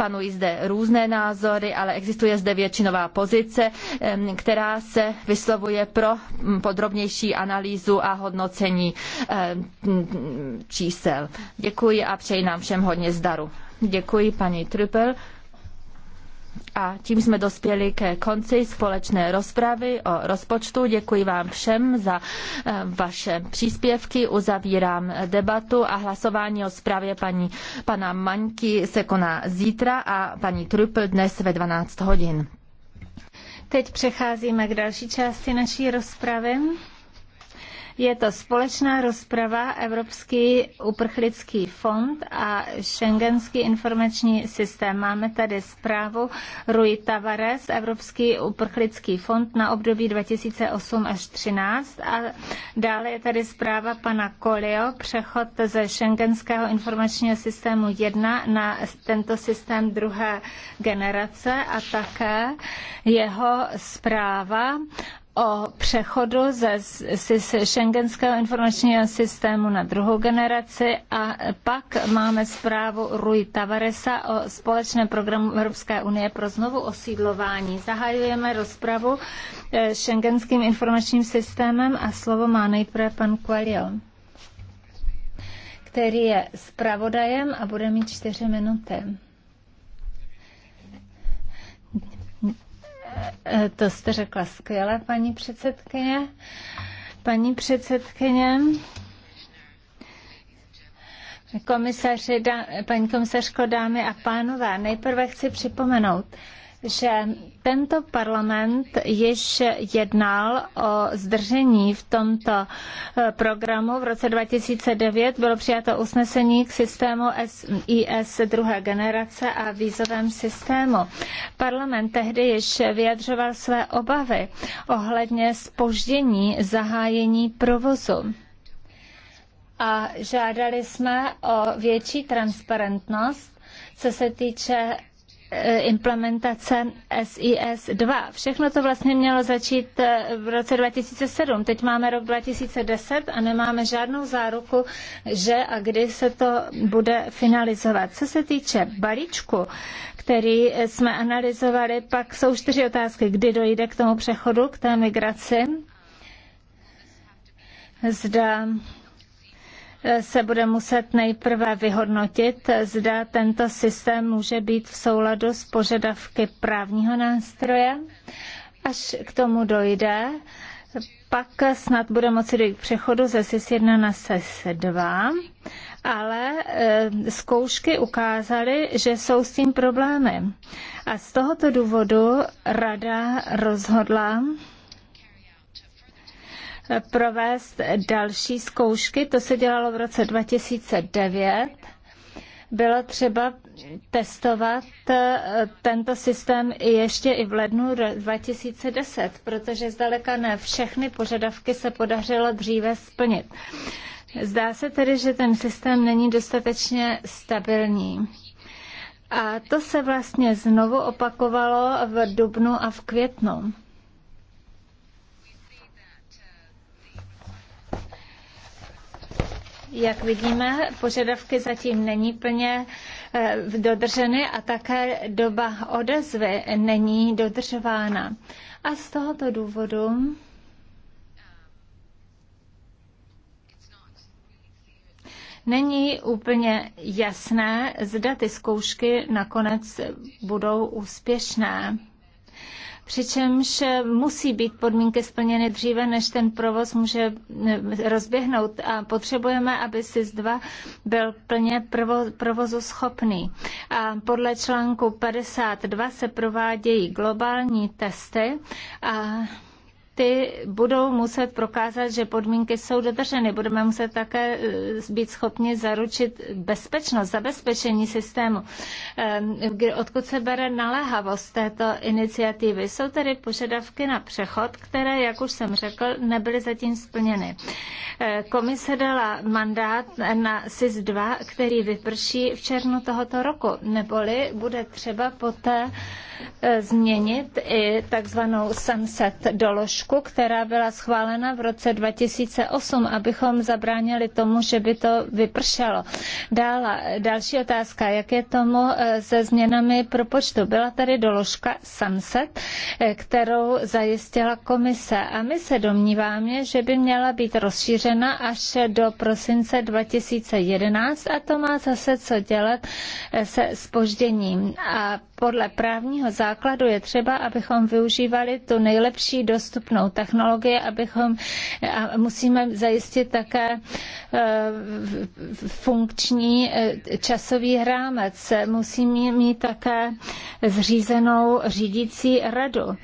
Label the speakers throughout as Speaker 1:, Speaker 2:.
Speaker 1: Panují zde různé názory, ale existuje zde většinová pozice, která se vyslovuje pro podrobnější analýzu a hodnocení čísel. Děkuji a přeji nám všem hodně zdaru. Děkuji paní Trüppel. A tím jsme dospěli ke konci společné rozpravy o rozpočtu. Děkuji vám všem za eh, vaše příspěvky. Uzavírám eh, debatu a hlasování o zprávě paní, pana Maňky se koná zítra a paní Trupl dnes ve 12 hodin.
Speaker 2: Teď přecházíme k další části naší rozpravy. Je to společná rozprava Evropský uprchlický fond a Schengenský informační systém. Máme tady zprávu Rui Tavares, Evropský uprchlický fond na období 2008 až 2013 a dále je tady zpráva pana Kolio, přechod ze Schengenského informačního systému 1 na tento systém druhé generace a také jeho zpráva o přechodu ze Schengenského informačního systému na druhou generaci a pak máme zprávu Rui Tavaresa o společném programu Evropské unie pro znovu osídlování. Zahajujeme rozpravu Schengenským eh, informačním systémem a slovo má nejprve pan Coelho, který je zpravodajem a bude mít čtyři minuty. Eh, to jste řekla skvěle, paní předsedkyně. Paní předsedkyně, komisaři, paní komisařko, dámy a pánové, nejprve chci připomenout, že tento parlament již jednal o zdržení v tomto eh, programu. V roce 2009 bylo přijato usnesení k systému IS druhé generace a vízovém systému. Parlament tehdy již vyjadřoval své obavy ohledně spoždění zahájení provozu a žádali jsme o větší transparentnost, co se týče Eh, implementace SIS 2. Všechno to vlastně mělo začít eh, v roce 2007. Teď máme rok 2010 a nemáme žádnou záruku, že a kdy se to bude finalizovat. Co se týče balíčku, který jsme analyzovali, pak jsou čtyři otázky. Kdy dojde k tomu přechodu, k té migraci? Zda se bude muset nejprve vyhodnotit, zda tento systém může být v souladu s požadavky právního nástroje. Až k tomu dojde, pak snad bude moci dojít k přechodu ze SIS 1 na SIS 2, ale eh, zkoušky ukázaly, že jsou s tím problémy. A z tohoto důvodu rada rozhodla, provést další zkoušky. To se dělalo v roce 2009 bylo třeba testovat eh, tento systém ještě i v lednu 2010, protože zdaleka ne všechny požadavky se podařilo dříve splnit. Zdá se tedy, že ten systém není dostatečně stabilní. A to se vlastně znovu opakovalo v dubnu a v květnu. Jak vidíme, požadavky zatím není plně eh, dodrženy a také doba odezvy není dodržována. A z tohoto důvodu není úplně jasné, zda ty zkoušky nakonec budou úspěšné přičemž musí být podmínky splněny dříve, než ten provoz může rozběhnout a potřebujeme, aby SIS-2 byl plně provo, provozu schopný. A podle článku 52 se provádějí globální testy a ty budou muset prokázat, že podmínky jsou dodrženy. Budeme muset také eh, být schopni zaručit bezpečnost, zabezpečení systému, ehm, odkud se bere naléhavost této iniciativy. Jsou tedy požadavky na přechod, které, jak už jsem řekl, nebyly zatím splněny. Eh, komise dala mandát na SIS-2, který vyprší v černu tohoto roku, neboli bude třeba poté eh, změnit i takzvanou sunset doložku balíčku, která byla schválena v roce 2008, abychom zabránili tomu, že by to vypršelo. Dále, další otázka, jak je tomu eh, se změnami propočtu. Byla tady doložka Sunset, eh, kterou zajistila komise a my se domníváme, že by měla být rozšířena až do prosince 2011 a to má zase co dělat eh, se spožděním. A podle právního základu je třeba, abychom využívali tu nejlepší dostupnou dostupnou technologii, abychom a musíme zajistit také e, funkční e, časový rámec. Musíme mít také zřízenou řídící radu.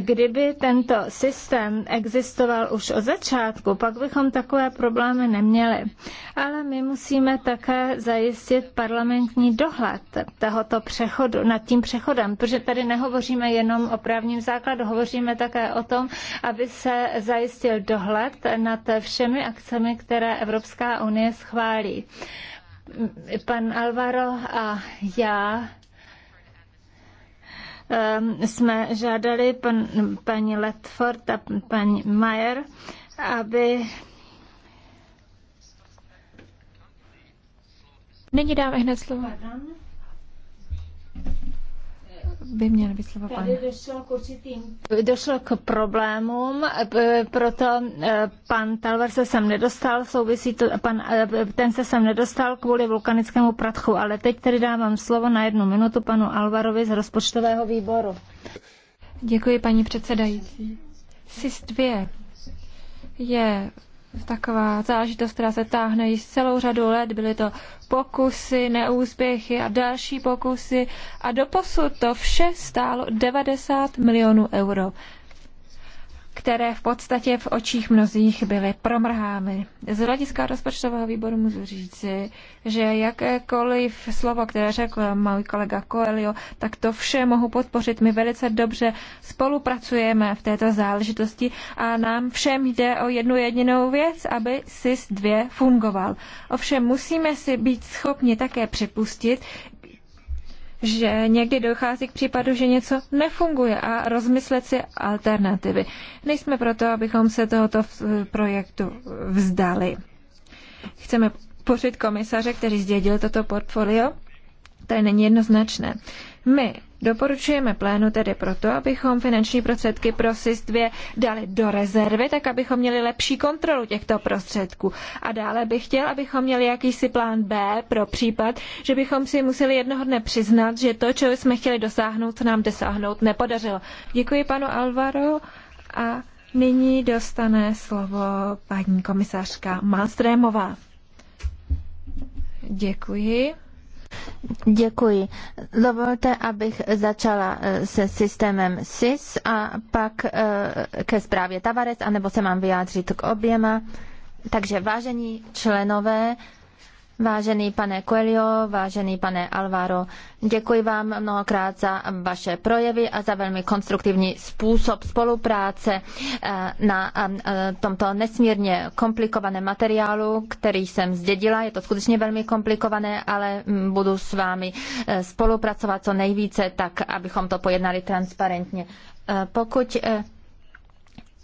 Speaker 2: Kdyby tento systém existoval už od začátku, pak bychom takové problémy neměli. Ale my musíme také zajistit parlamentní dohled tohoto přechodu, nad tím přechodem, protože tady nehovoříme jenom o právním základu, hovoříme také o tom, aby se zajistil dohled nad všemi akcemi, které Evropská unie schválí. Pan Alvaro a já Ehm, jsme žádali pan, paní Letford a paní Mayer, aby Není dáme hned slovo. Pardon by měl být slovo pan. Došlo k problémům, proto e, pan Talver se sem nedostal, souvisí to, pan, e, ten se sem nedostal kvůli vulkanickému prachu, ale teď tedy dávám slovo na jednu minutu panu Alvarovi z rozpočtového výboru. Děkuji, paní předsedající. SIS 2
Speaker 3: je taková záležitost, která se táhne již celou řadu let. Byly to pokusy, neúspěchy a další pokusy. A doposud to vše stálo 90 milionů euro které v podstatě v očích mnozích byly promrhány. Z hlediska rozpočtového výboru můžu říci, že jakékoliv slovo, které řekl můj kolega Coelho, tak to vše mohu podpořit. My velice dobře spolupracujeme v této záležitosti a nám všem jde o jednu jedinou věc, aby SIS-2 fungoval. Ovšem musíme si být schopni také připustit, že někdy dochází k případu, že něco nefunguje a rozmyslet si alternativy. Nejsme proto, abychom se tohoto projektu vzdali. Chceme pořit komisaře, který zdědil toto portfolio, tady není jednoznačné. My Doporučujeme plénu tedy proto, abychom finanční prostředky pro SIS 2 dali do rezervy, tak abychom měli lepší kontrolu těchto prostředků. A dále bych chtěl, abychom měli jakýsi plán B pro případ, že bychom si museli jednoho dne přiznat, že to, čeho jsme chtěli dosáhnout, nám dosáhnout nepodařilo. Děkuji panu Alvaro a nyní dostane slovo paní komisařka Malstrémová.
Speaker 1: Děkuji. Děkuji. Dovolte, abych začala eh, se systémem SIS a pak eh, ke zprávě Tavares, anebo se mám vyjádřit k oběma. Takže vážení členové Vážený pane Coelho, vážený pane Alvaro, děkuji vám mnohokrát za vaše projevy a za velmi konstruktivní způsob spolupráce eh, na eh, tomto nesmírně komplikovaném materiálu, který jsem zdědila. Je to skutečně velmi komplikované, ale budu s vámi eh, spolupracovat co nejvíce, tak abychom to pojednali transparentně. Pokud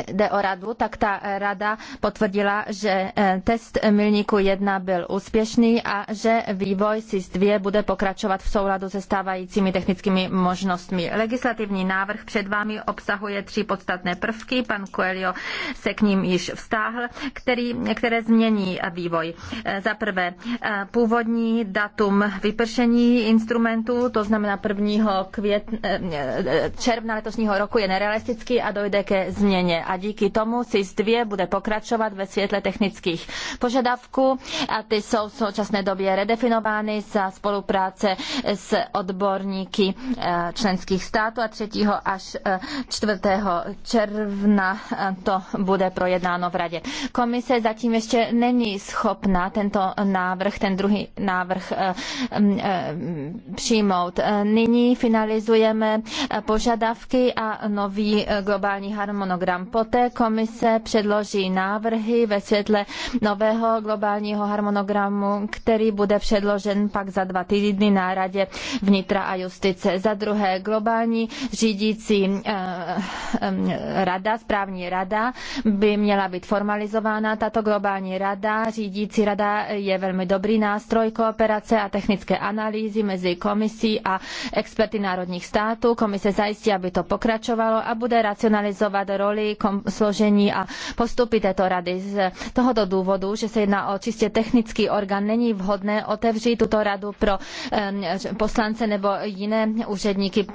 Speaker 1: jde o radu, tak ta rada potvrdila, že eh, test milníku 1 byl úspěšný a že vývoj SIS 2 bude pokračovat v souladu se stávajícími technickými možnostmi. Legislativní návrh před vámi obsahuje tři podstatné prvky, pan Coelho se k ním již vztáhl, který, které změní vývoj. Eh, za prvé eh, původní datum vypršení instrumentu, to znamená 1. Květ, června letošního roku je nerealistický a dojde ke změně a díky tomu SIS 2 bude pokračovat ve světle technických požadavků a ty jsou v současné době redefinovány za spolupráce s odborníky eh, členských států a 3. až 4. Eh, června eh, to bude projednáno v Radě. Komise zatím ještě není schopna tento návrh, ten druhý návrh mm, přijmout. Nyní finalizujeme požadavky a nový globální harmonogram. Po Poté komise předloží návrhy ve světle nového globálního harmonogramu, který bude předložen pak za dva týdny na Radě vnitra a justice. Za druhé, globální řídící eh, eh, rada, správní rada by měla být formalizována. Tato globální rada, řídící rada je velmi dobrý nástroj kooperace a technické analýzy mezi komisí a experty národních států. Komise zajistí, aby to pokračovalo a bude racionalizovat roli složení a postupy této rady. Z tohoto důvodu, že se jedná o čistě technický orgán, není vhodné otevřít tuto radu pro poslance nebo jiné úředníky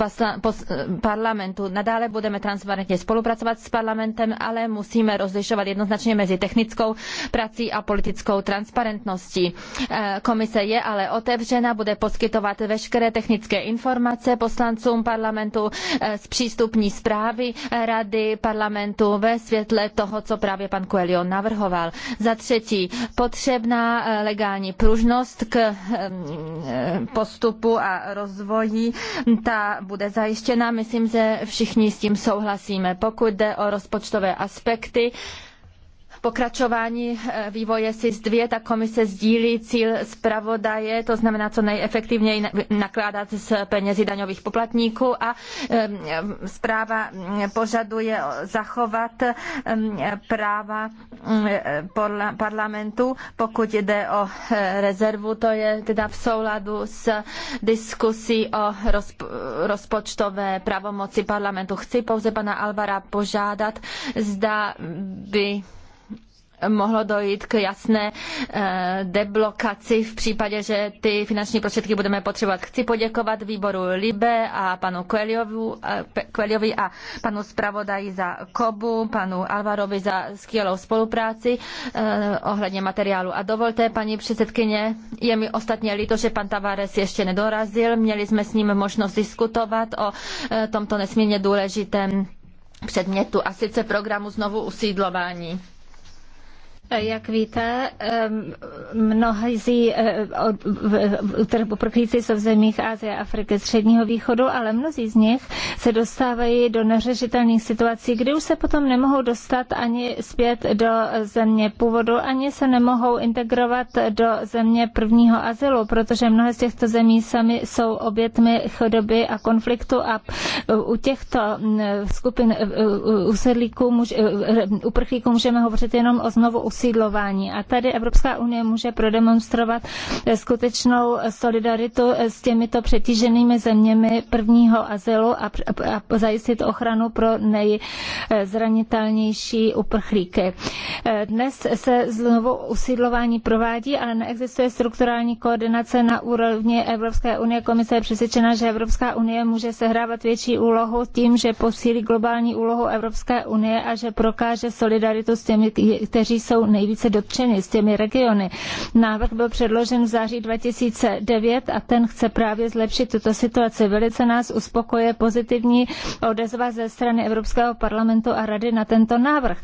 Speaker 1: parlamentu. Nadále budeme transparentně spolupracovat s parlamentem, ale musíme rozlišovat jednoznačně mezi technickou prací a politickou transparentností. E, komise je ale otevřena, bude poskytovat veškeré technické informace poslancům parlamentu, e, zpřístupní zprávy rady parlamentu parlamentu ve světle toho, co právě pan Coelho navrhoval. Za třetí, potřebná eh, legální pružnost k eh, eh, postupu a rozvoji, ta bude zajištěna. Myslím, že všichni s tím souhlasíme. Pokud jde o rozpočtové aspekty, pokračování eh, vývoje SIS-2, ta komise sdílí cíl zpravodaje, to znamená co nejefektivněji nakládat s penězi daňových poplatníků a zpráva mm, požaduje zachovat práva mm, parlamentu, pokud jde o eh, rezervu, to je teda v souladu s diskusí o rozpočtové pravomoci parlamentu. Chci pouze pana Alvara požádat, zda by mohlo dojít k jasné eh, deblokaci v případě, že ty finanční prostředky budeme potřebovat. Chci poděkovat výboru Libe a panu Coelhovi eh, a panu zpravodaji za Kobu, panu Alvarovi za skvělou spolupráci eh, ohledně materiálu. A dovolte, paní předsedkyně, je mi ostatně líto, že pan Tavares ještě nedorazil. Měli jsme s ním možnost diskutovat o tomto nesmírně důležitém předmětu a sice programu znovu usídlování.
Speaker 2: Jak víte, mnozí eh, uprchlíci jsou v zemích Asie Afriky středního východu, ale mnozí z nich se dostávají do neřešitelných situací, kdy už se potom nemohou dostat ani zpět do země původu, ani se nemohou integrovat do země prvního azylu, protože mnohé z těchto zemí sami jsou obětmi chodoby a konfliktu a eh, u těchto mm, skupin eh, usedlíků, uprchlíků můžeme hovořit jenom o znovu usídlování. A tady Evropská unie může prodemonstrovat eh, skutečnou solidaritu eh, s těmito přetíženými zeměmi prvního azylu a, a zajistit ochranu pro nejzranitelnější uprchlíky. Eh, dnes se znovu usídlování provádí, ale neexistuje strukturální koordinace na úrovni Evropské unie. Komise je přesvědčena, že Evropská unie může sehrávat větší úlohu tím, že posílí globální úlohu Evropské unie a že prokáže solidaritu s těmi, kteří jsou nejvíce dotčeny, s těmi regiony. Návrh byl předložen v září 2009 a ten chce právě zlepšit tuto situaci. Velice nás uspokoje pozitivní odezva ze strany Evropského parlamentu a rady na tento návrh.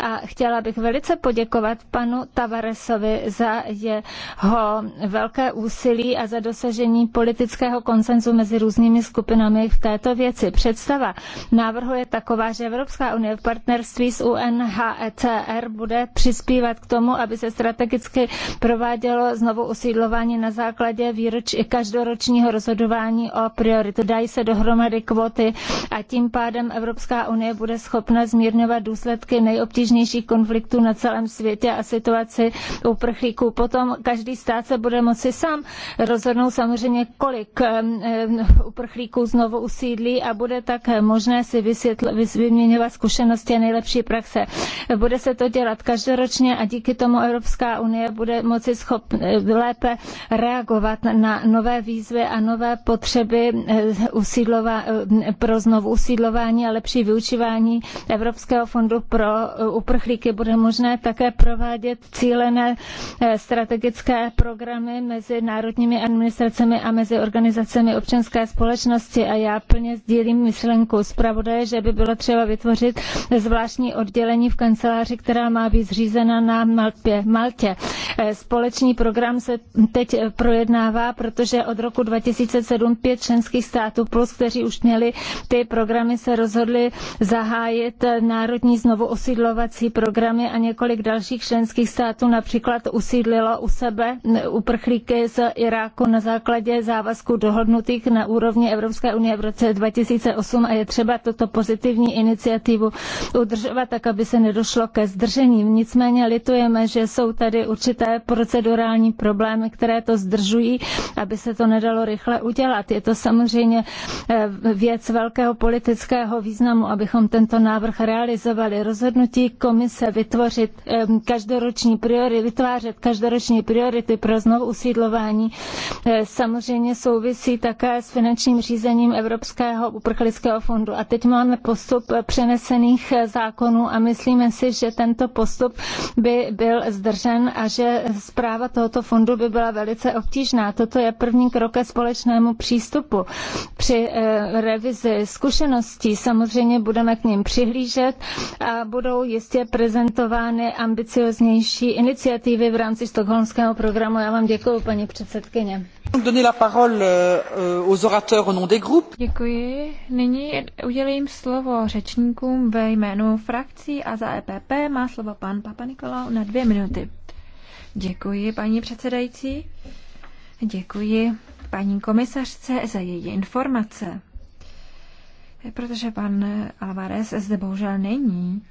Speaker 2: A chtěla bych velice poděkovat panu Tavaresovi za jeho velké úsilí a za dosažení politického konsenzu mezi různými skupinami v této věci. Představa návrhu je taková, že Evropská unie v partnerství s UNHCR e bude přispět přispívat k tomu, aby se strategicky provádělo znovu usídlování na základě každoročního rozhodování o prioritu. Dají se dohromady kvóty a tím pádem Evropská unie bude schopna zmírňovat důsledky nejobtížnějších konfliktů na celém světě a situaci uprchlíků. Potom každý stát se bude moci sám rozhodnout samozřejmě, kolik uprchlíků znovu usídlí a bude tak možné si vyměňovat zkušenosti a nejlepší praxe. Bude se to dělat každoročně společně a díky tomu Evropská unie bude moci schop, lépe reagovat na nové výzvy a nové potřeby eh, usídlova, eh, pro znovu usídlování a lepší vyučování Evropského fondu pro eh, uprchlíky. Bude možné také provádět cílené strategické programy mezi národními administracemi a mezi organizacemi občanské společnosti a já plně sdílím myšlenku zpravodaje, že by bylo třeba vytvořit zvláštní oddělení v kanceláři, která má být zřízena zejména na Maltě. Maltě. Eh, společný program se teď eh, projednává, protože od roku 2007 pět členských států plus, kteří už měli ty programy, se rozhodli zahájit eh, národní znovu osídlovací programy a několik dalších členských států například usídlilo u sebe uprchlíky z Iráku na základě závazků dohodnutých na úrovni Evropské unie v roce 2008 a je třeba toto pozitivní iniciativu udržovat tak, aby se nedošlo ke zdržením. Nicméně nicméně litujeme, že jsou tady určité procedurální problémy, které to zdržují, aby se to nedalo rychle udělat. Je to samozřejmě eh, věc velkého politického významu, abychom tento návrh realizovali. Rozhodnutí komise vytvořit eh, každoroční priority, vytvářet každoroční priority pro znovu usídlování eh, samozřejmě souvisí také s finančním řízením Evropského uprchlického fondu. A teď máme postup přenesených zákonů a myslíme si, že tento postup by byl zdržen a že zpráva tohoto fondu by byla velice obtížná. Toto je první krok ke společnému přístupu. Při eh, revizi zkušeností samozřejmě budeme k ním přihlížet a budou jistě prezentovány ambicioznější iniciativy v rámci Stockholmského programu. Já vám děkuji, paní předsedkyně.
Speaker 1: Euh,
Speaker 3: Děkuji. Nyní udělím slovo řečníkům ve jménu frakcí a za EPP má slovo pan Papa Nikolau na dvě minuty. Děkuji, paní předsedající. Děkuji paní komisařce za její informace. Protože pan Alvarez zde bohužel není,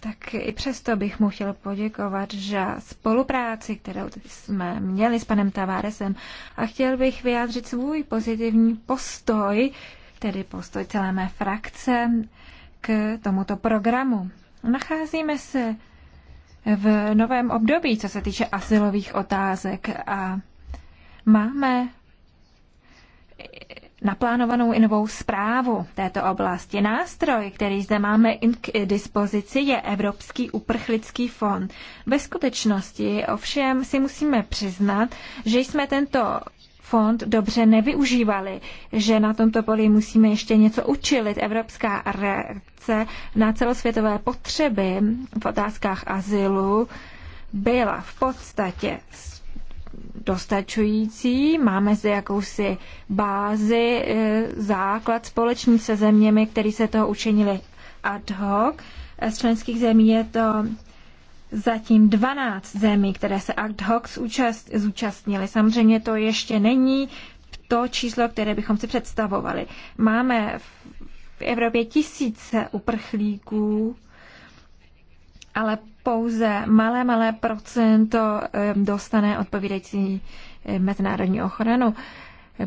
Speaker 3: tak i přesto bych mu chtěl poděkovat za spolupráci, kterou jsme měli s panem Tavaresem a chtěl bych vyjádřit svůj pozitivní postoj, tedy postoj celé mé frakce k tomuto programu. Nacházíme se v novém období, co se týče asilových otázek a máme naplánovanou i novou zprávu této oblasti. Nástroj, který zde máme k dispozici, je Evropský uprchlický fond. Ve skutečnosti ovšem si musíme přiznat, že jsme tento fond dobře nevyužívali, že na tomto poli musíme ještě něco učilit. Evropská reakce na celosvětové potřeby v otázkách azylu byla v podstatě dostačující. Máme zde jakousi bázi, e, základ společný se zeměmi, které se toho učinili ad hoc. E, z členských zemí je to zatím 12 zemí, které se ad hoc zúčast, zúčastnili. Samozřejmě to ještě není to číslo, které bychom si představovali. Máme v Evropě tisíce uprchlíků, ale pouze malé, malé procento eh, dostane odpovídající eh, mezinárodní ochranu.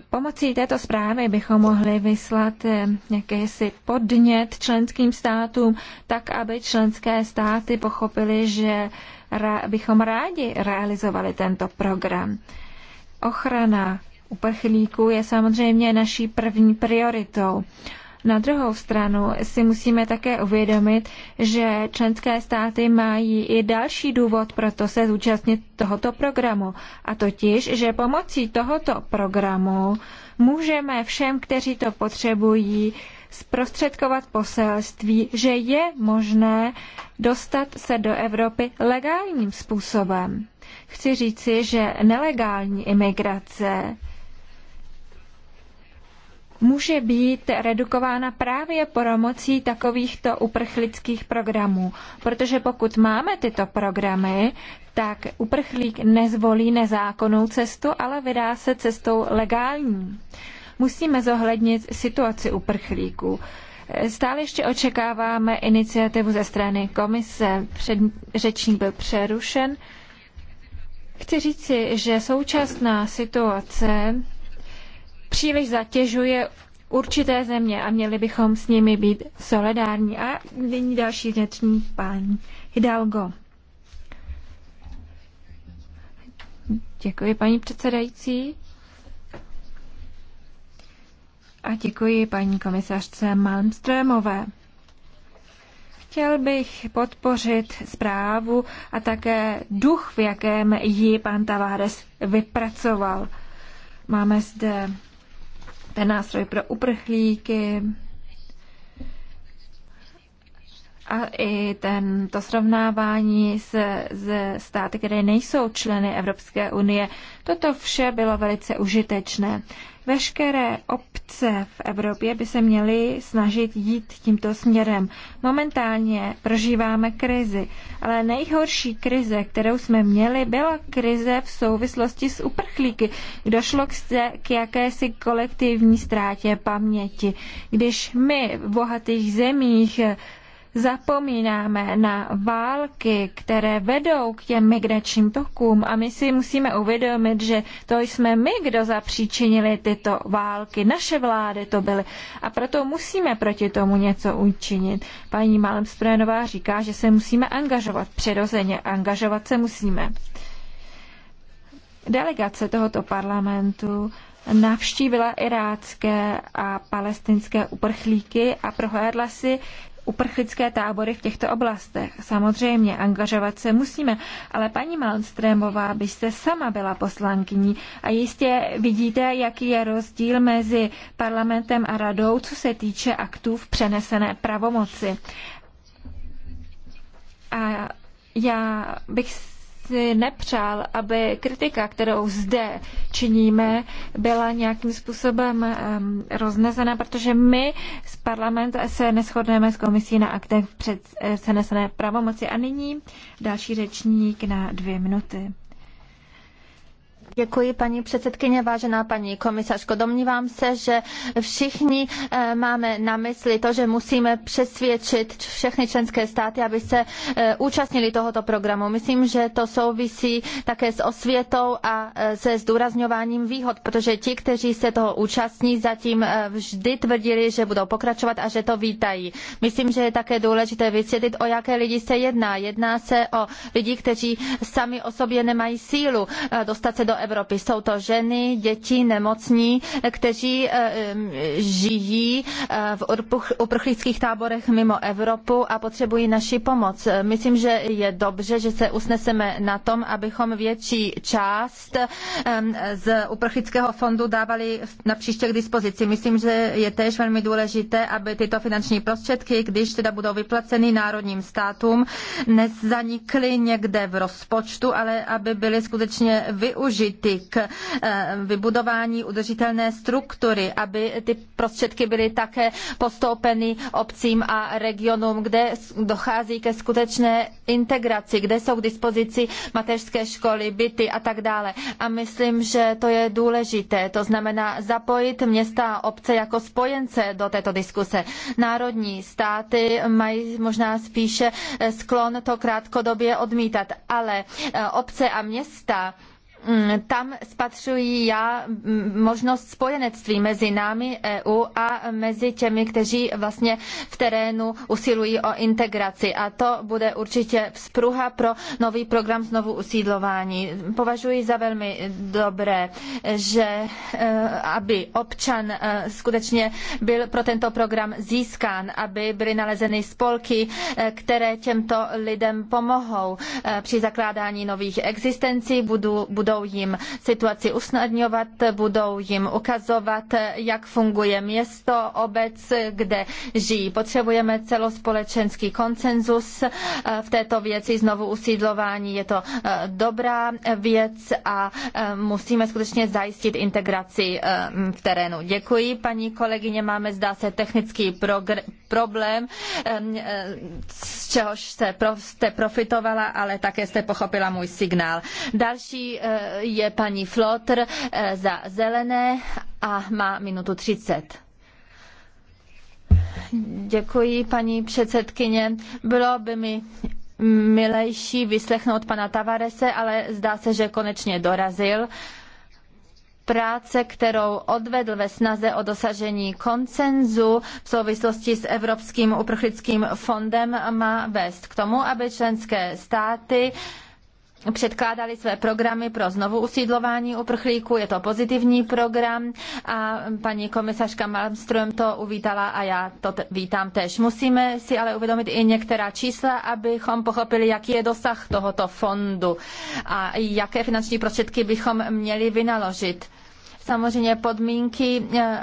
Speaker 3: Pomocí této zprávy bychom mohli vyslat eh, jakýsi podnět členským státům, tak aby členské státy pochopili, že bychom rádi realizovali tento program. Ochrana uprchlíků je samozřejmě naší první prioritou. Na druhou stranu si musíme také uvědomit, že členské státy mají i další důvod pro to se zúčastnit tohoto programu. A totiž, že pomocí tohoto programu můžeme všem, kteří to potřebují, zprostředkovat poselství, že je možné dostat se do Evropy legálním způsobem. Chci říci, že nelegální imigrace může být redukována právě pomocí takovýchto uprchlických programů. Protože pokud máme tyto programy, tak uprchlík nezvolí nezákonnou cestu, ale vydá se cestou legální. Musíme zohlednit situaci uprchlíků. Stále ještě očekáváme iniciativu ze strany komise. Před, řečník byl přerušen. Chci říci, že současná situace příliš zatěžuje určité země a měli bychom s nimi být solidární. A nyní další řeční pán Hidalgo. Děkuji, paní předsedající. A děkuji paní komisařce Malmströmové. Chtěl bych podpořit zprávu a také duch, v jakém ji pan Tavares vypracoval. Máme zde ten nástroj pro uprchlíky a i ten, to srovnávání s, se státy, které nejsou členy Evropské unie. Toto vše bylo velice užitečné. Veškeré obce v Evropě by se měly snažit jít tímto směrem. Momentálně prožíváme krizi, ale nejhorší krize, kterou jsme měli, byla krize v souvislosti s uprchlíky. Došlo k, se, k jakési kolektivní ztrátě paměti. Když my v bohatých zemích zapomínáme na války, které vedou k těm migračním tokům a my si musíme uvědomit, že to jsme my, kdo zapříčinili tyto války, naše vlády to byly a proto musíme proti tomu něco učinit. Paní Malmstrojenová říká, že se musíme angažovat, přirozeně angažovat se musíme. Delegace tohoto parlamentu navštívila irácké a palestinské uprchlíky a prohlédla si uprchlické tábory v těchto oblastech. Samozřejmě, angažovat se musíme, ale paní Malmstrémová, byste sama byla poslankyní a jistě vidíte, jaký je rozdíl mezi parlamentem a radou, co se týče aktů v přenesené pravomoci. A já bych si nepřál, aby kritika, kterou zde činíme, byla nějakým způsobem um, roznesena, protože my z parlamentu se neschodneme s komisí na aktech před eh, přenesené pravomoci. A nyní další řečník na dvě minuty.
Speaker 1: Děkuji, paní předsedkyně, vážená paní komisařko. Domnívám se, že všichni eh, máme na mysli to, že musíme přesvědčit všechny členské státy, aby se eh, účastnili tohoto programu. Myslím, že to souvisí také s osvětou a eh, se zdůrazňováním výhod, protože ti, kteří se toho účastní, zatím vždy tvrdili, že budou pokračovat a že to vítají. Myslím, že je také důležité vysvětlit, o jaké lidi se jedná. Jedná se o lidi, kteří sami o sobě nemají sílu dostat se do Evropy. Jsou to ženy, děti, nemocní, kteří eh, žijí eh, v uprchlických táborech mimo Evropu a potřebují naši pomoc. Myslím, že je dobře, že se usneseme na tom, abychom větší část z uprchlického fondu dávali na příště k dispozici. Myslím, že je též velmi důležité, aby tyto finanční prostředky, když teda budou vyplaceny národním státům, nezanikly někde v rozpočtu, ale aby byly skutečně využity politik, eh, vybudování udržitelné struktury, aby ty prostředky byly také postoupeny obcím a regionům, kde dochází ke skutečné integraci, kde jsou k dispozici mateřské školy, byty a tak dále. A myslím, že to je důležité. To znamená zapojit města a obce jako spojence do této diskuse. Národní státy mají možná spíše sklon to krátkodobě odmítat, ale eh, obce a města Mm, tam spatřuji já mm, možnost spojenectví mezi námi EU a mezi těmi, kteří vlastně v terénu usilují o integraci. A to bude určitě vzpruha pro nový program znovu usídlování. Považuji za velmi dobré, že eh, aby občan eh, skutečně byl pro tento program získán, aby byly nalezeny spolky, eh, které těmto lidem pomohou při zakládání nových existencí, budou budou jim situaci usnadňovat, budou jim ukazovat, jak funguje město, obec, kde žijí. Potřebujeme celospolečenský konsenzus eh, v této věci znovu usídlování. Je to eh, dobrá eh, věc a musíme skutečně zajistit integraci v terénu. Děkuji, paní kolegyně. Máme, zdá se, technický problém, ehm, z čehož jste profitovala, ale také jste pochopila můj signál. Další je paní Flotr eh, za zelené a má minutu 30. Děkuji, paní předsedkyně. Bylo by mi milejší vyslechnout pana Tavarese, ale zdá se, že konečně dorazil práce, kterou odvedl ve snaze o dosažení koncenzu v souvislosti s Evropským uprchlickým fondem, má vést k tomu, aby členské státy předkládali své programy pro znovu usídlování uprchlíků. Je to pozitivní program a paní komisařka Malmström to uvítala a já to vítám tež. Musíme si ale uvědomit i některá čísla, abychom pochopili, jaký je dosah tohoto fondu a jaké finanční prostředky bychom měli vynaložit samozřejmě podmínky eh,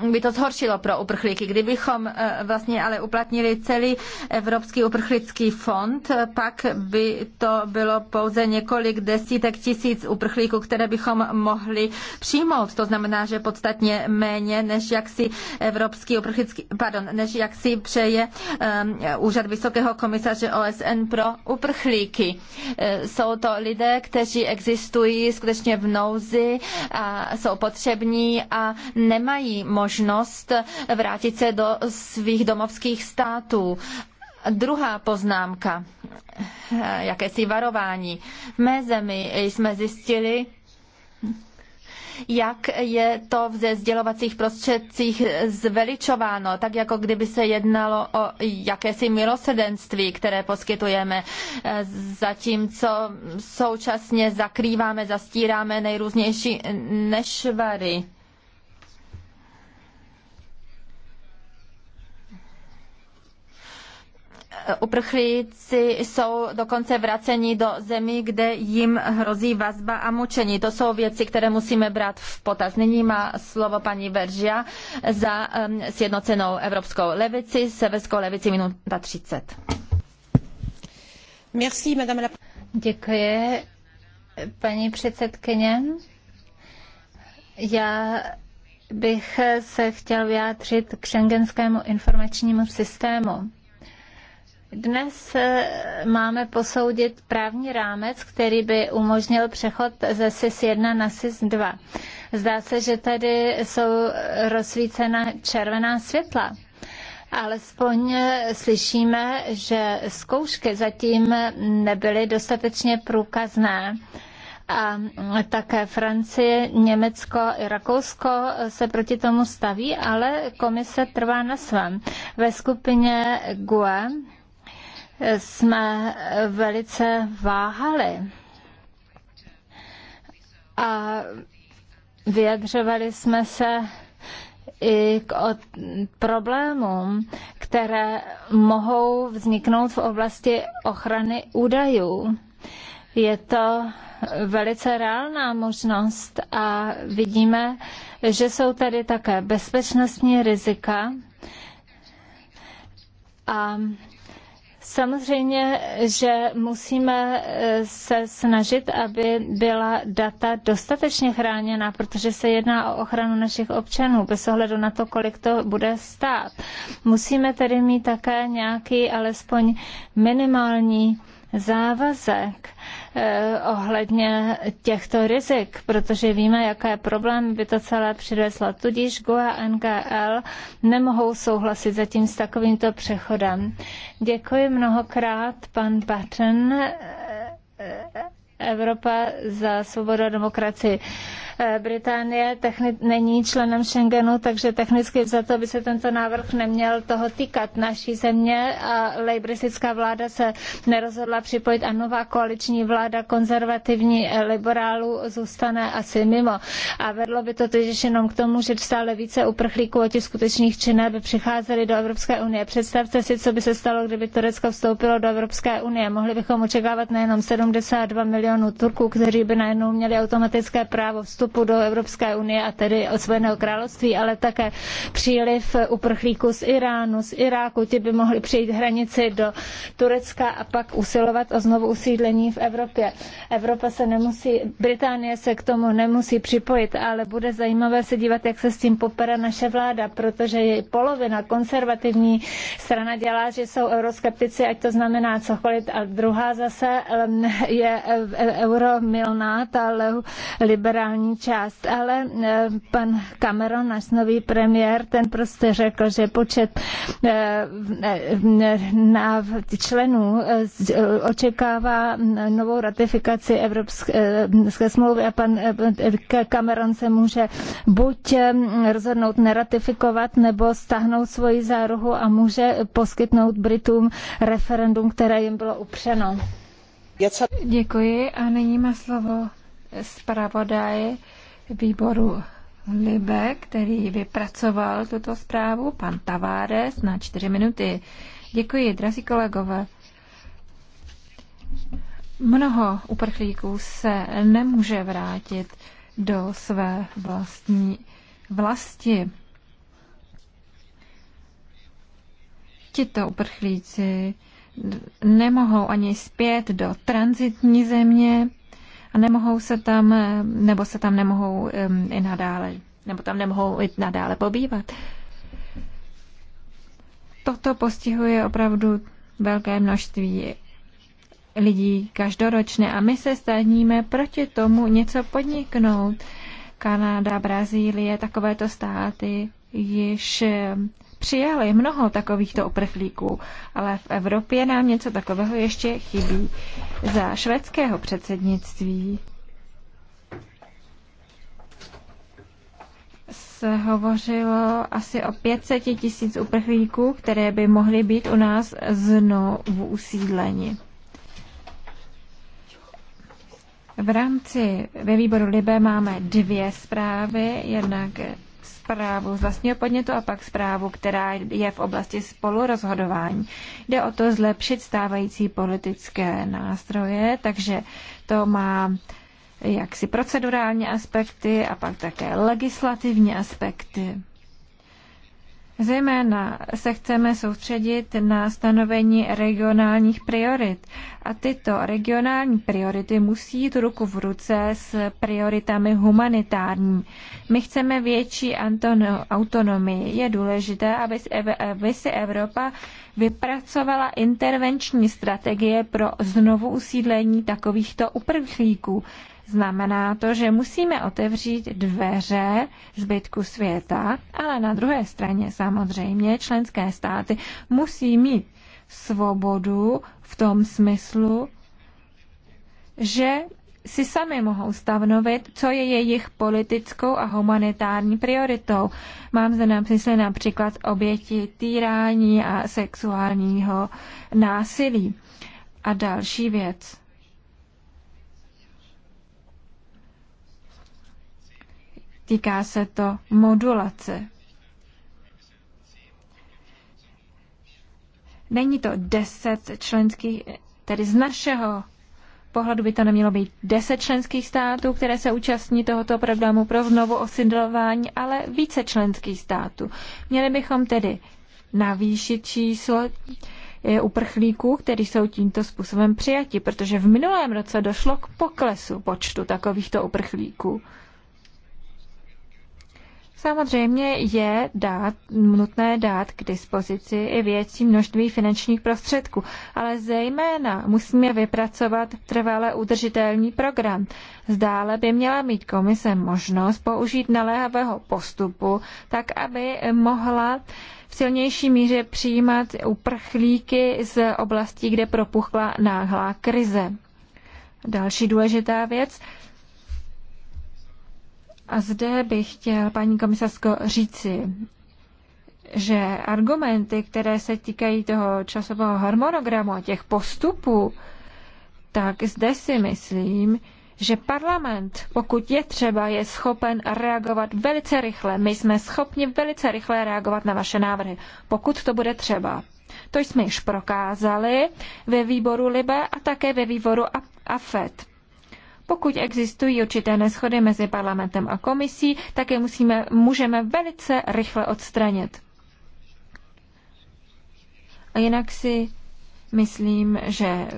Speaker 1: eh, by to zhoršilo pro uprchlíky. Kdybychom eh, vlastně ale uplatnili celý Evropský uprchlický fond, pak by to bylo pouze několik desítek tisíc uprchlíků, které bychom mohli přijmout. To znamená, že podstatně méně, než jak si Evropský uprchlický, pardon, než jak si přeje um, úřad Vysokého komisaře OSN pro uprchlíky. Jsou to lidé, kteří existují skutečně v nouzi a jsou potřební a nemají možnost vrátit se do svých domovských států. Druhá poznámka, jakési varování. V mé zemi jsme zjistili, jak je to v sdělovacích prostředcích zveličováno, tak jako kdyby se jednalo o jakési milosedenství, které poskytujeme, zatímco současně zakrýváme, zastíráme nejrůznější nešvary. uprchlíci jsou dokonce vraceni do zemí, kde jim hrozí vazba a mučení. To jsou věci, které musíme brát v potaz. Nyní má slovo paní Veržia za sjednocenou evropskou levici, severskou levici minuta 30.
Speaker 2: Merci, madame la... Děkuji, paní předsedkyně. Já bych se chtěl vyjádřit k šengenskému informačnímu systému. Dnes eh, máme posoudit právní rámec, který by umožnil přechod ze SIS 1 na SIS 2. Zdá se, že tady jsou rozsvícena červená světla. Alespoň eh, slyšíme, že zkoušky zatím nebyly dostatečně průkazné a mm, také Francie, Německo i Rakousko eh, se proti tomu staví, ale komise trvá na svém. Ve skupině GUE jsme velice váhali. A vyjadřovali jsme se i k od problémům, které mohou vzniknout v oblasti ochrany údajů. Je to velice reálná možnost a vidíme, že jsou tady také bezpečnostní rizika a Samozřejmě, že musíme eh, se snažit, aby byla data dostatečně chráněna, protože se jedná o ochranu našich občanů, bez ohledu na to, kolik to bude stát. Musíme tedy mít také nějaký alespoň minimální závazek, Eh, ohledně těchto rizik, protože víme, jaké problémy by to celé přineslo. Tudíž GUA a NGL nemohou souhlasit zatím s takovýmto přechodem. Děkuji mnohokrát, pan Patten, eh, eh, Evropa za svobodu a demokracii. Eh, Británie není členem Schengenu, takže technicky za to by se tento návrh neměl toho týkat naší země a lejbristická vláda se nerozhodla připojit a nová koaliční vláda konzervativní eh, liberálů zůstane asi mimo. A vedlo by to totiž jenom k tomu, že stále více uprchlíků o těch skutečných činů by přicházeli do Evropské unie. Představte si, co by se stalo, kdyby Turecko vstoupilo do Evropské unie. Mohli bychom očekávat nejenom 72 milionů Turků, kteří by najednou měli automatické právo vstupu, vstupu do Evropské unie a tedy od Spojeného království, ale také příliv uprchlíků z Iránu, z Iráku, ti by mohli přejít hranici do Turecka a pak usilovat o znovu usídlení v Evropě. Evropa se nemusí, Británie se k tomu nemusí připojit, ale bude zajímavé se dívat, jak se s tím popere naše vláda, protože je polovina konzervativní strana dělá, že jsou euroskeptici, ať to znamená cokoliv, a druhá zase je e, e, euromilná, ta liberální část, ale eh, pan Cameron, náš nový premiér, ten prostě řekl, že počet eh, na členů eh, očekává novou ratifikaci Evropské smlouvy a pan Cameron se může buď rozhodnout neratifikovat nebo stáhnout svoji záruhu a může poskytnout Britům referendum, které jim bylo upřeno. Děkuji a nyní má slovo
Speaker 3: zpravodaj výboru Libe, který vypracoval tuto zprávu, pan Tavares, na čtyři minuty. Děkuji, drazí kolegové. Mnoho uprchlíků se nemůže vrátit do své vlastní vlasti. Tito uprchlíci nemohou ani zpět do transitní země, a nemohou se tam, nebo se tam nemohou i nadále, nebo tam nemohou i nadále pobývat. Toto postihuje opravdu velké množství lidí každoročně a my se staníme proti tomu něco podniknout. Kanada, Brazílie, takovéto státy již přijali mnoho takovýchto uprchlíků, ale v Evropě nám něco takového ještě chybí. Za švédského předsednictví se hovořilo asi o 500 tisíc uprchlíků, které by mohly být u nás znovu usídleni. V rámci ve výboru Libe máme dvě zprávy, jednak zprávu z vlastního podnětu a pak zprávu, která je v oblasti spolurozhodování. Jde o to zlepšit stávající politické nástroje, takže to má jaksi procedurální aspekty a pak také legislativní aspekty. Zejména se chceme soustředit na stanovení regionálních priorit. A tyto regionální priority musí jít ruku v ruce s prioritami humanitární. My chceme větší autonomii. Je důležité, aby si Evropa vypracovala intervenční strategie pro znovu usídlení takovýchto uprchlíků. Znamená to, že musíme otevřít dveře zbytku světa, ale na druhé straně samozřejmě členské státy musí mít svobodu v tom smyslu, že si sami mohou stanovit, co je jejich politickou a humanitární prioritou. Mám zde na mysli například oběti týrání a sexuálního násilí. A další věc. Týká se to modulace. Není to deset členských, tedy z našeho pohledu by to nemělo být deset členských států, které se účastní tohoto programu pro znovu osidlování, ale více členských států. Měli bychom tedy navýšit číslo eh, uprchlíků, kteří jsou tímto způsobem přijati, protože v minulém roce došlo k poklesu počtu takovýchto uprchlíků. Samozřejmě je dát, nutné dát k dispozici i větší množství finančních prostředků, ale zejména musíme vypracovat trvale udržitelný program. Zdále by měla mít komise možnost použít naléhavého postupu, tak aby mohla v silnější míře přijímat uprchlíky z oblastí, kde propuchla náhlá krize. Další důležitá věc a zde bych chtěl, paní komisařko, říci, že argumenty, které se týkají toho časového harmonogramu a těch postupů, tak zde si myslím, že parlament, pokud je třeba, je schopen reagovat velice rychle. My jsme schopni velice rychle reagovat na vaše návrhy, pokud to bude třeba. To jsme již prokázali ve výboru Libe a také ve výboru AFET. Pokud existují určité neschody mezi parlamentem a komisí, tak je musíme, můžeme velice rychle odstranit. A jinak si myslím, že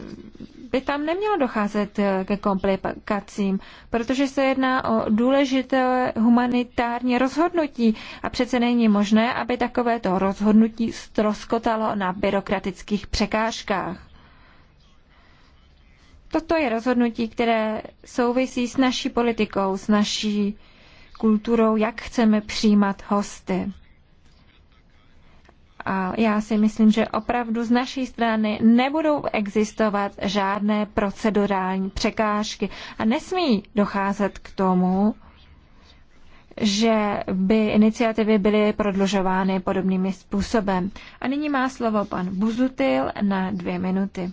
Speaker 3: by tam nemělo docházet eh, ke komplikacím, protože se jedná o důležité humanitární rozhodnutí a přece není možné, aby takovéto rozhodnutí stroskotalo na byrokratických překážkách. Toto je rozhodnutí, které souvisí s naší politikou, s naší kulturou, jak chceme přijímat hosty. A já si myslím, že opravdu z naší strany nebudou existovat žádné procedurální překážky a nesmí docházet k tomu, že by iniciativy byly prodlužovány podobným způsobem. A nyní má slovo pan Buzutil na dvě minuty.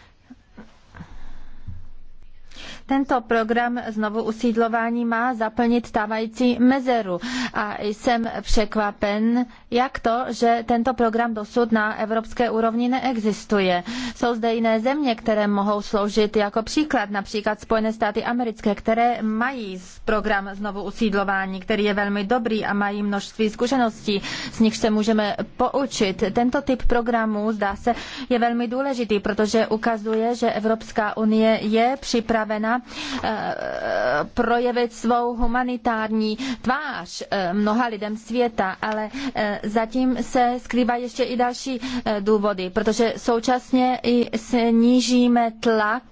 Speaker 1: Tento program znovu usídlování má zaplnit stávající mezeru a jsem překvapen, jak to, že tento program dosud na evropské úrovni neexistuje. Jsou zde jiné země, které mohou sloužit jako příklad, například Spojené státy americké, které mají program znovu usídlování, který je velmi dobrý a mají množství zkušeností, z nich se můžeme poučit. Tento typ programu, zdá se, je velmi důležitý, protože ukazuje, že Evropská unie je připravena Eh, projevit svou humanitární tvář eh, mnoha lidem světa, ale eh, zatím se skrývají ještě i další důvody, protože současně i snížíme tlak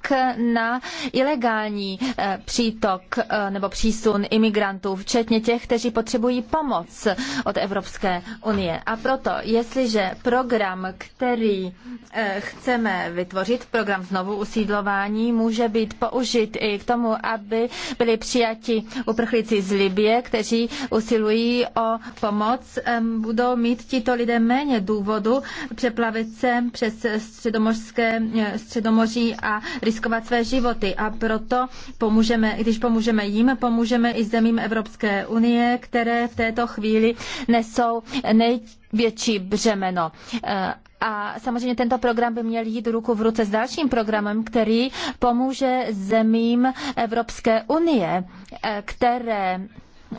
Speaker 1: na ilegální přítok nebo přísun imigrantů, včetně těch, kteří potřebují pomoc od Evropské unie. A proto, jestliže program, který chceme vytvořit, program znovu usídlování, může být použit i k tomu, aby byli přijati uprchlíci z Libie, kteří usilují o pomoc. Budou mít tito lidé méně důvodu přeplavit se přes středomořské, eh, středomoří a riskovat své životy. A proto pomůžeme, když pomůžeme jim, pomůžeme i zemím Evropské unie, které v této chvíli nesou nej, větší břemeno. Eh, a samozřejmě tento program by měl jít ruku v ruce s dalším programem, který pomůže zemím Evropské unie, eh, které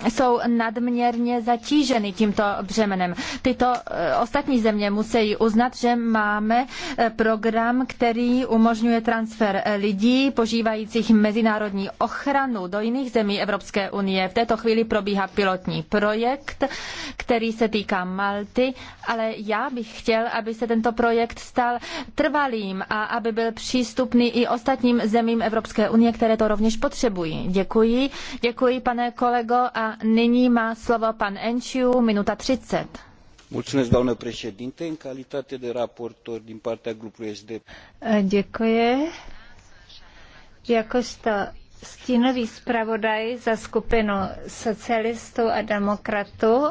Speaker 1: jsou nadměrně zatíženy tímto břemenem. Tyto eh, ostatní země musí uznat, že máme eh, program, který umožňuje transfer eh, lidí požívajících mezinárodní ochranu do jiných zemí Evropské unie. V této chvíli probíhá pilotní projekt, který se týká Malty, ale já bych chtěl, aby se tento projekt stal trvalým a aby byl přístupný i ostatním zemím Evropské unie, které to rovněž potřebují. Děkuji. Děkuji, pane kolego a nyní má slovo pan Enciu, minuta 30. Mulțumesc, doamnă președinte, în calitate de raportor din partea grupului SD.
Speaker 2: Děkuji. Jakožto stínový zpravodaj za skupinu socialistů a demokratů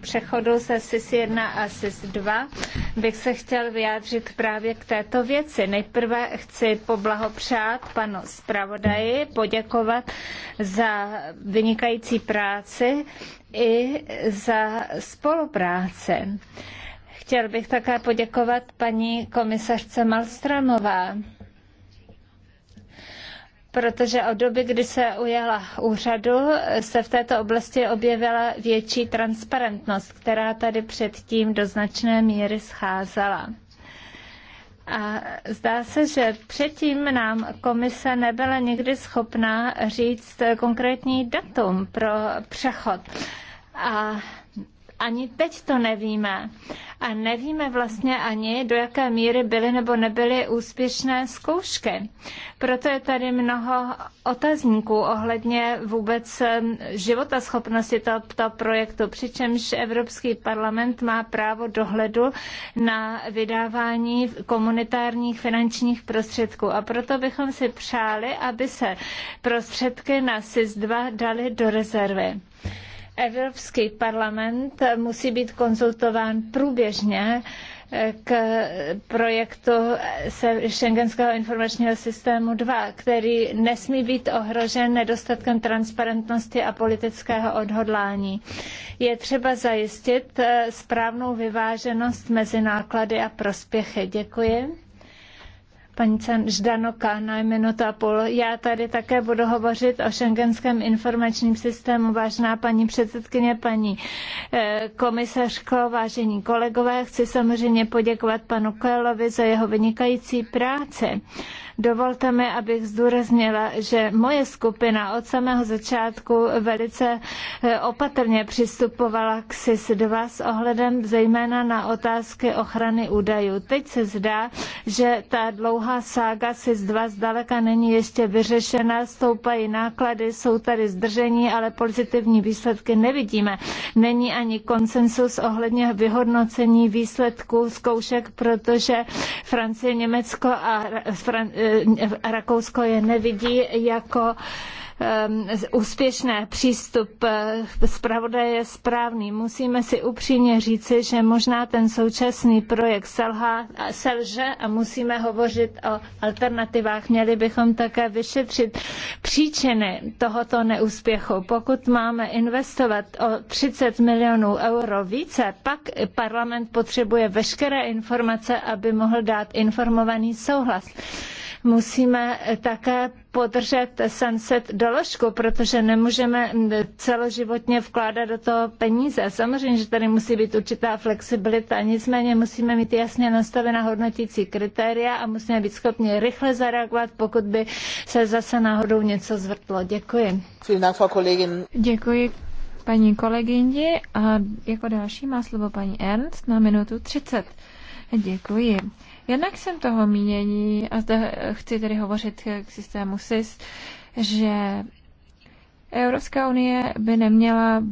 Speaker 2: přechodu ze SIS 1 a SIS 2 bych se chtěl vyjádřit právě k této věci. Nejprve chci poblahopřát panu zpravodaji, poděkovat za vynikající práci i za spolupráci. Chtěl bych také poděkovat paní komisařce Malstramová protože od doby, kdy se ujala úřadu, se v této oblasti objevila větší transparentnost, která tady předtím do značné míry scházela. A zdá se, že předtím nám komise nebyla nikdy schopná říct konkrétní datum pro přechod. A ani teď to nevíme. A nevíme vlastně ani, do jaké míry byly nebo nebyly úspěšné zkoušky. Proto je tady mnoho otazníků ohledně vůbec života schopnosti tohoto projektu, přičemž Evropský parlament má právo dohledu na vydávání komunitárních finančních prostředků. A proto bychom si přáli, aby se prostředky na SIS-2 dali do rezervy. Evropský parlament musí být konzultován průběžně eh, k projektu Schengenského informačního systému 2, který nesmí být ohrožen nedostatkem transparentnosti a politického odhodlání. Je třeba zajistit eh, správnou vyváženost mezi náklady a prospěchy. Děkuji paní Ždanoka na minutu a Já tady také budu hovořit o šengenském informačním systému. Vážná paní předsedkyně, paní eh, komisařko, vážení kolegové, chci samozřejmě poděkovat panu Koelovi za jeho vynikající práci. Dovolte mi, abych zdůraznila, že moje skupina od samého začátku velice eh, opatrně přistupovala k SIS-2 s ohledem zejména na otázky ochrany údajů. Teď se zdá, že ta dlouhá sága SIS-2 zdaleka není ještě vyřešena, stoupají náklady, jsou tady zdržení, ale pozitivní výsledky nevidíme. Není ani konsensus ohledně vyhodnocení výsledků zkoušek, protože Francie, Německo a Fran- Eh, Rakousko je nevidí jako Ehm, úspěšné přístup eh, zpravodaje je správný. Musíme si upřímně říci, že možná ten současný projekt selha, selže a musíme hovořit o alternativách. Měli bychom také vyšetřit příčiny tohoto neúspěchu. Pokud máme investovat o 30 milionů euro více, pak parlament potřebuje veškeré informace, aby mohl dát informovaný souhlas musíme také podržet sunset doložku, protože nemůžeme celoživotně vkládat do toho peníze. Samozřejmě, že tady musí být určitá flexibilita, nicméně musíme mít jasně nastavená hodnotící kritéria a musíme být schopni rychle zareagovat, pokud by se zase náhodou něco zvrtlo. Děkuji. Děkuji paní
Speaker 3: kolegyni a jako další má slovo paní Ernst na minutu 30. Děkuji. Jednak jsem toho mínění, a zde chci tedy hovořit k systému SIS, že Evropská unie by neměla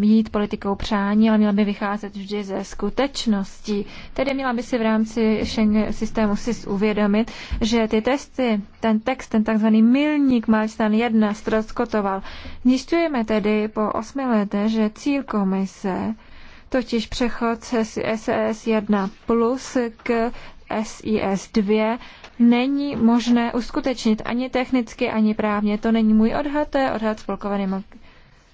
Speaker 3: jít politikou přání, ale měla by vycházet vždy ze skutečností. Tedy měla by si v rámci Schengen systému SIS uvědomit, že ty testy, ten text, ten takzvaný milník Milestone 1 ztroskotoval. Zjišťujeme tedy po osmi letech, že cíl komise totiž přechod z SES 1 plus k SIS 2 není možné uskutečnit ani technicky, ani právně. To není můj odhad, to je odhad Spolkové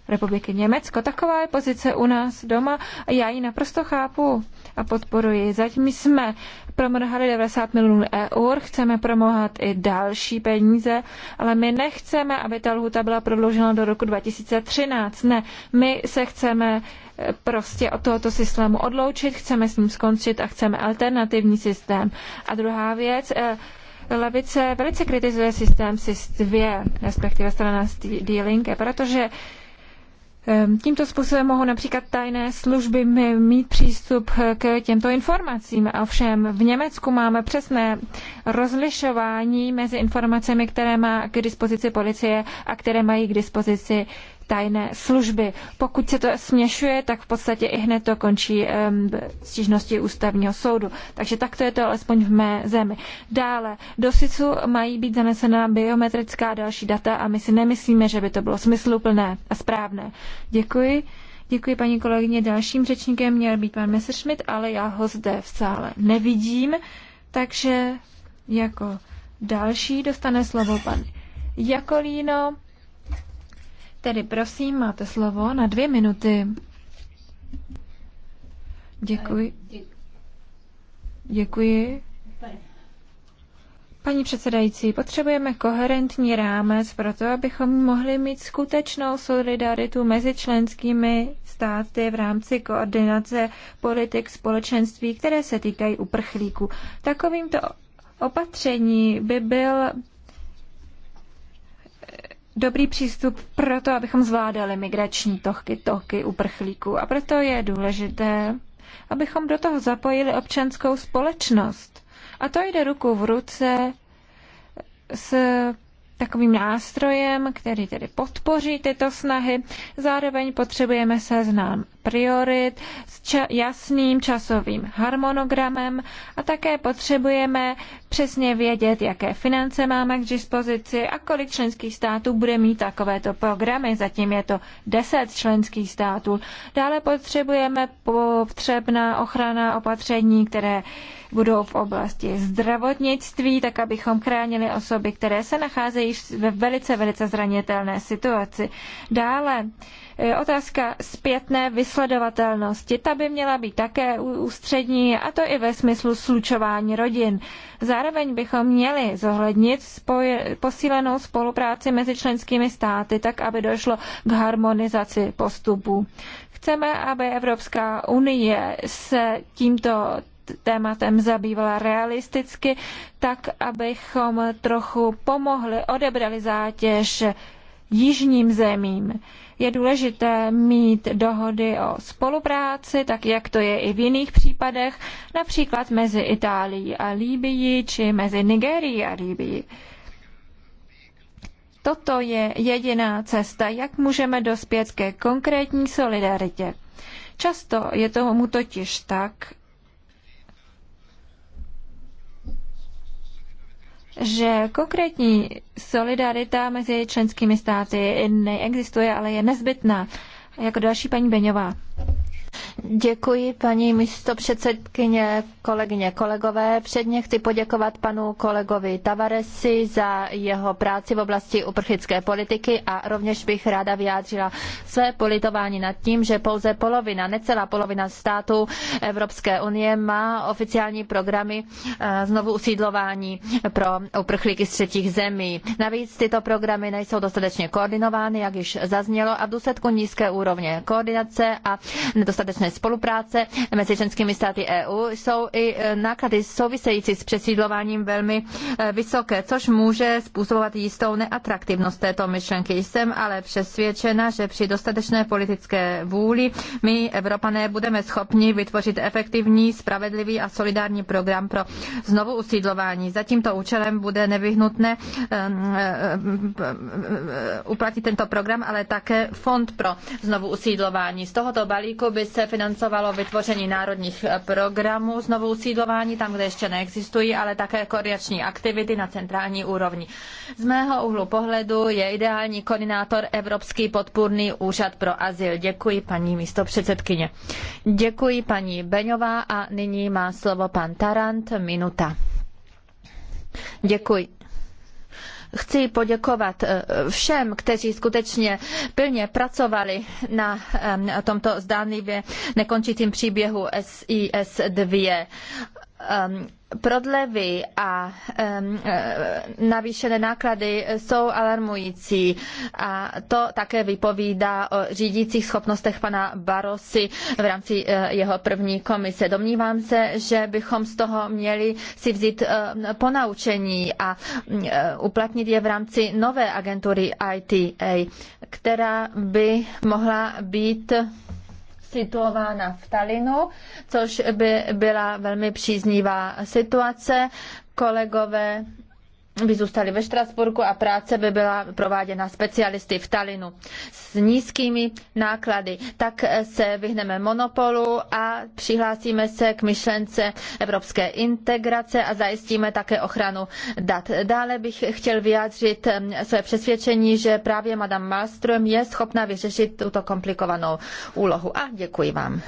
Speaker 3: republiky Německo. Taková je pozice u nás doma a já ji naprosto chápu a podporuji. Zatím jsme promrhali 90 milionů eur, chceme promohat i další peníze, ale my nechceme, aby ta lhuta byla prodloužena do roku 2013. Ne, my se chceme eh, prostě od tohoto systému odloučit, chceme s ním skončit a chceme alternativní systém. A druhá věc, eh, levice velice kritizuje systém SIS-2, respektive strana Dealing, protože Ehm, tímto způsobem mohou například tajné služby mít přístup k těmto informacím. Ovšem v Německu máme přesné rozlišování mezi informacemi, které má k dispozici policie a které mají k dispozici tajné služby. Pokud se to směšuje, tak v podstatě i hned to končí stížností stížnosti ústavního soudu. Takže takto je to alespoň v mé zemi. Dále, do SICu mají být zanesena biometrická další data a my si nemyslíme, že by to bylo smysluplné a správné. Děkuji. Děkuji paní kolegyně. Dalším řečníkem měl být pan Messerschmidt, ale já ho zde v sále nevidím, takže jako další dostane slovo pan Jakolíno Tedy prosím, máte slovo na dvě minuty. Děkuji. Děkuji. Paní předsedající, potřebujeme koherentní rámec pro to, abychom mohli mít skutečnou solidaritu mezi členskými státy v rámci koordinace politik společenství, které se týkají uprchlíků. Takovýmto opatření by byl dobrý přístup pro to, abychom zvládali migrační toky, toky uprchlíků. A proto je důležité, abychom do toho zapojili občanskou společnost. A to jde ruku v ruce s takovým nástrojem, který tedy podpoří tyto snahy. Zároveň potřebujeme seznam priorit s ča- jasným časovým harmonogramem a také potřebujeme přesně vědět, jaké finance máme k dispozici a kolik členských států bude mít takovéto programy. Zatím je to 10 členských států. Dále potřebujeme potřebná ochrana opatření, které budou v oblasti zdravotnictví, tak abychom chránili osoby, které se nacházejí ve velice, velice zranitelné situaci. Dále e, otázka zpětné vysledovatelnosti. Ta by měla být také ústřední, a to i ve smyslu slučování rodin. Zároveň bychom měli zohlednit spoj- posílenou spolupráci mezi členskými státy, tak aby došlo k harmonizaci postupů. Chceme, aby Evropská unie se tímto tématem zabývala realisticky, tak abychom trochu pomohli, odebrali zátěž jižním zemím. Je důležité mít dohody o spolupráci, tak jak to je i v jiných případech, například mezi Itálií a Líbií či mezi Nigerií a Líbií. Toto je jediná cesta, jak můžeme dospět ke konkrétní solidaritě. Často je tomu totiž tak, že konkrétní solidarita mezi členskými státy neexistuje, ale je nezbytná. Jako další paní Beňová.
Speaker 1: Děkuji paní místopředsedkyně, kolegyně, kolegové. Předně chci poděkovat panu kolegovi Tavaresi za jeho práci v oblasti uprchlické politiky a rovněž bych ráda vyjádřila své politování nad tím, že pouze polovina, necelá polovina států Evropské unie má oficiální programy eh, znovu usídlování pro uprchlíky z třetích zemí. Navíc tyto programy nejsou dostatečně koordinovány, jak již zaznělo, a v důsledku nízké úrovně koordinace a nedostatečné dostatečné spolupráce mezi členskými státy EU jsou i e, náklady související s přesídlováním velmi e, vysoké, což může způsobovat jistou neatraktivnost této myšlenky. Jsem ale přesvědčena, že při dostatečné politické vůli my, Evropané, budeme schopni vytvořit efektivní, spravedlivý a solidární program pro znovu usídlování. Za tímto účelem bude nevyhnutné e, uplatit tento program, ale také fond pro znovu usídlování. Z tohoto balíku by se financovalo vytvoření národních programů znovu usídlování, tam, kde ještě neexistují, ale také koordinační aktivity na centrální úrovni. Z mého úhlu pohledu je ideální koordinátor Evropský podpůrný úřad pro azyl. Děkuji, paní místopředsedkyně. Děkuji, paní Beňová a nyní má slovo pan Tarant. Minuta. Děkuji. Chci poděkovat eh, všem, kteří skutečně pilně pracovali na eh, tomto zdánlivě nekončitým příběhu SIS 2. Um, prodlevy a um, eh, navýšené náklady jsou alarmující a to také vypovídá o řídících schopnostech pana Barosy v rámci eh, jeho první komise. Domnívám se, že bychom z toho měli si vzít eh, ponaučení a mm, uplatnit je v rámci nové agentury ITA, která by mohla být situována v Talinu, což by byla velmi příznivá situace. Kolegové by zůstali ve Štrasburku a práce by byla prováděna specialisty v Talinu s nízkými náklady. Tak se vyhneme monopolu a přihlásíme se k myšlence evropské integrace a zajistíme také ochranu dat. Dále bych chtěl vyjádřit své přesvědčení, že právě Madame Malmström je schopna vyřešit tuto komplikovanou úlohu. A děkuji vám.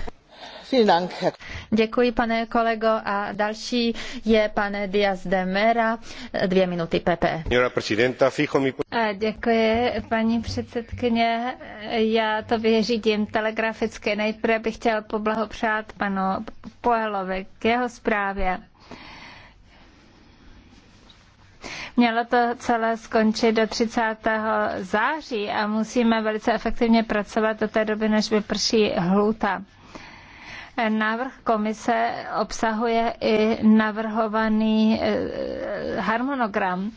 Speaker 1: Děkuji, pane kolego. A další
Speaker 2: je pan Diaz de Mera, dvě minuty Pepe. Děkuji, paní předsedkyně. Já to vyřídím telegraficky. Nejprve bych chtěl poblahopřát panu Poelovi k jeho zprávě. Mělo to celé skončit do 30. září a musíme velice efektivně pracovat do té doby, než vyprší hluta Návrh komise obsahuje i navrhovaný eh, harmonogram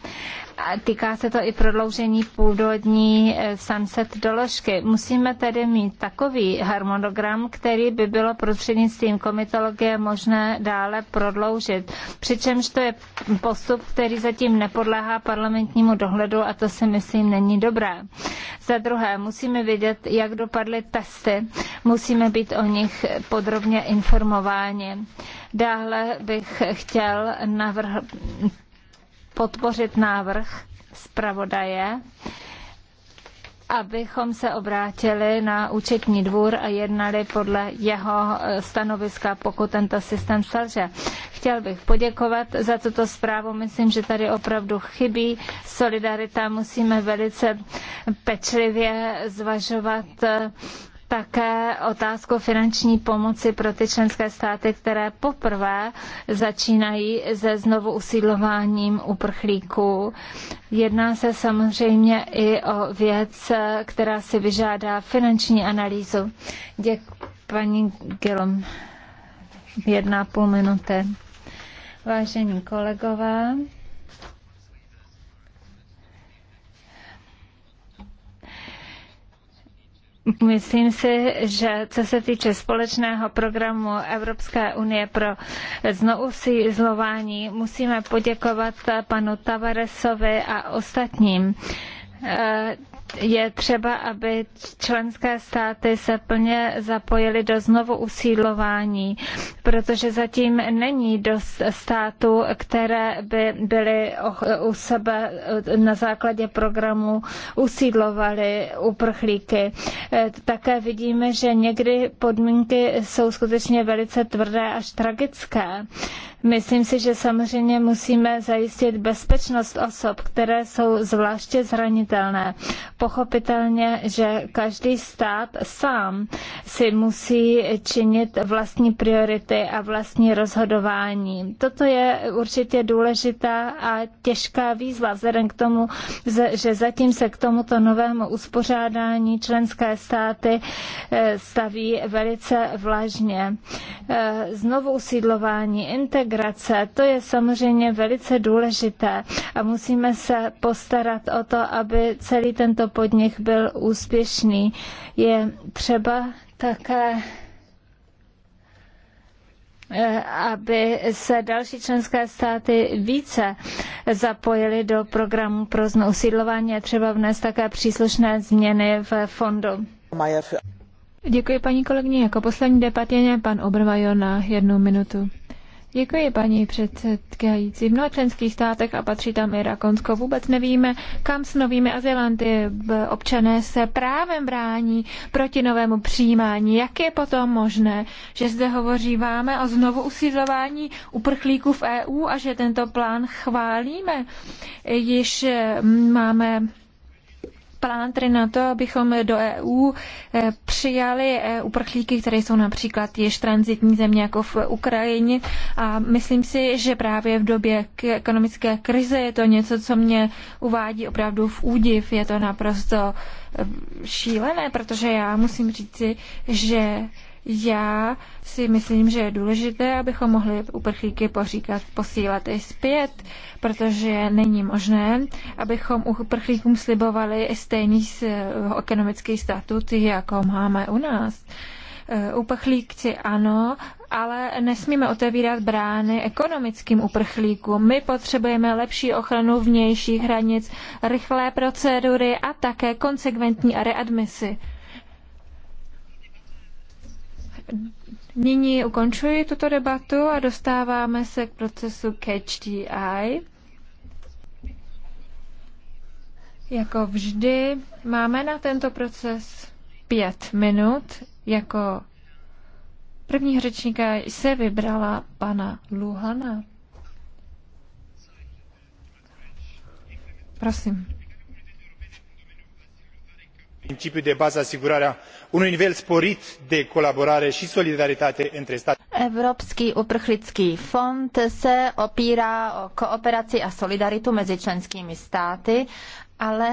Speaker 2: týká se to i prodloužení původní eh, sunset doložky. Musíme tedy mít takový harmonogram, který by bylo prostřednictvím komitologie možné dále prodloužit. Přičemž to je postup, který zatím nepodléhá parlamentnímu dohledu a to si myslím není dobré. Za druhé, musíme vědět, jak dopadly testy. Musíme být o nich podrobně informováni. Dále bych chtěl navrhl, podpořit návrh zpravodaje, abychom se obrátili na účetní dvůr a jednali podle jeho eh, stanoviska, pokud tento systém selže. Chtěl bych poděkovat za tuto zprávu. Myslím, že tady opravdu chybí solidarita. Musíme velice pečlivě zvažovat eh, také otázku finanční pomoci pro ty členské státy, které poprvé začínají se znovu usídlováním uprchlíků. Jedná se samozřejmě i o věc, která si vyžádá finanční analýzu. Děkuji, paní Gilom. Jedna půl minuty. Vážení kolegové, Myslím si, že co se týče společného programu Evropské unie pro znovu zlování, musíme poděkovat panu Tavaresovi a ostatním je třeba, aby členské státy se plně zapojily do znovu usídlování, protože zatím není dost států, které by byly u sebe eh, na základě programu usídlovaly uprchlíky. Eh, také vidíme, že někdy podmínky jsou skutečně velice tvrdé až tragické. Myslím si, že samozřejmě musíme zajistit bezpečnost osob, které jsou zvláště zranitelné. Pochopitelně, že každý stát sám si musí činit vlastní priority a vlastní rozhodování. Toto je určitě důležitá a těžká výzva vzhledem k tomu, že zatím se k tomuto novému uspořádání členské státy eh, staví velice vlažně. Eh, znovu usídlování, integrace, to je samozřejmě velice důležité a musíme se postarat o to, aby celý tento tento podnik byl úspěšný. Je třeba také eh, aby se další členské státy více zapojily do programu pro znousídlování a třeba vnést také příslušné změny v fondu. Děkuji paní kolegyně. Jako poslední debatěně pan Obrvajo na jednu minutu. Děkuji, paní
Speaker 3: předsedkající. V mnoha členských státech a patří tam i Rakonsko. Vůbec nevíme, kam s novými azylanty občané se právem brání proti novému přijímání. Jak je potom možné, že zde hovoříváme o znovu usídlování uprchlíků v EU a že tento plán chválíme? Již máme plán tedy na to, abychom do EU eh, přijali eh, uprchlíky, které jsou například již transitní země jako v Ukrajině a myslím si, že právě v době ekonomické krize je to něco, co mě uvádí opravdu v údiv. Je to naprosto eh, šílené, protože já musím říci, že já si myslím, že je důležité, abychom mohli uprchlíky poříkat, posílat i zpět, protože není možné, abychom uprchlíkům slibovali stejný eh, ekonomický statut, jako máme u nás. Eh, Uprchlíkci ano, ale nesmíme otevírat brány ekonomickým uprchlíkům. My potřebujeme lepší ochranu vnějších hranic, rychlé procedury a také konsekventní readmisy. Nyní ukončuji tuto debatu a dostáváme se k procesu Catch Jako vždy máme na tento proces pět minut. Jako prvního řečníka se vybrala pana Luhana. Prosím
Speaker 1: principiu de bază asigurarea unui nivel sporit de colaborare și solidaritate între state. Evropský uprchlický fond se opírá o kooperaci a solidaritu mezi členskými státy, ale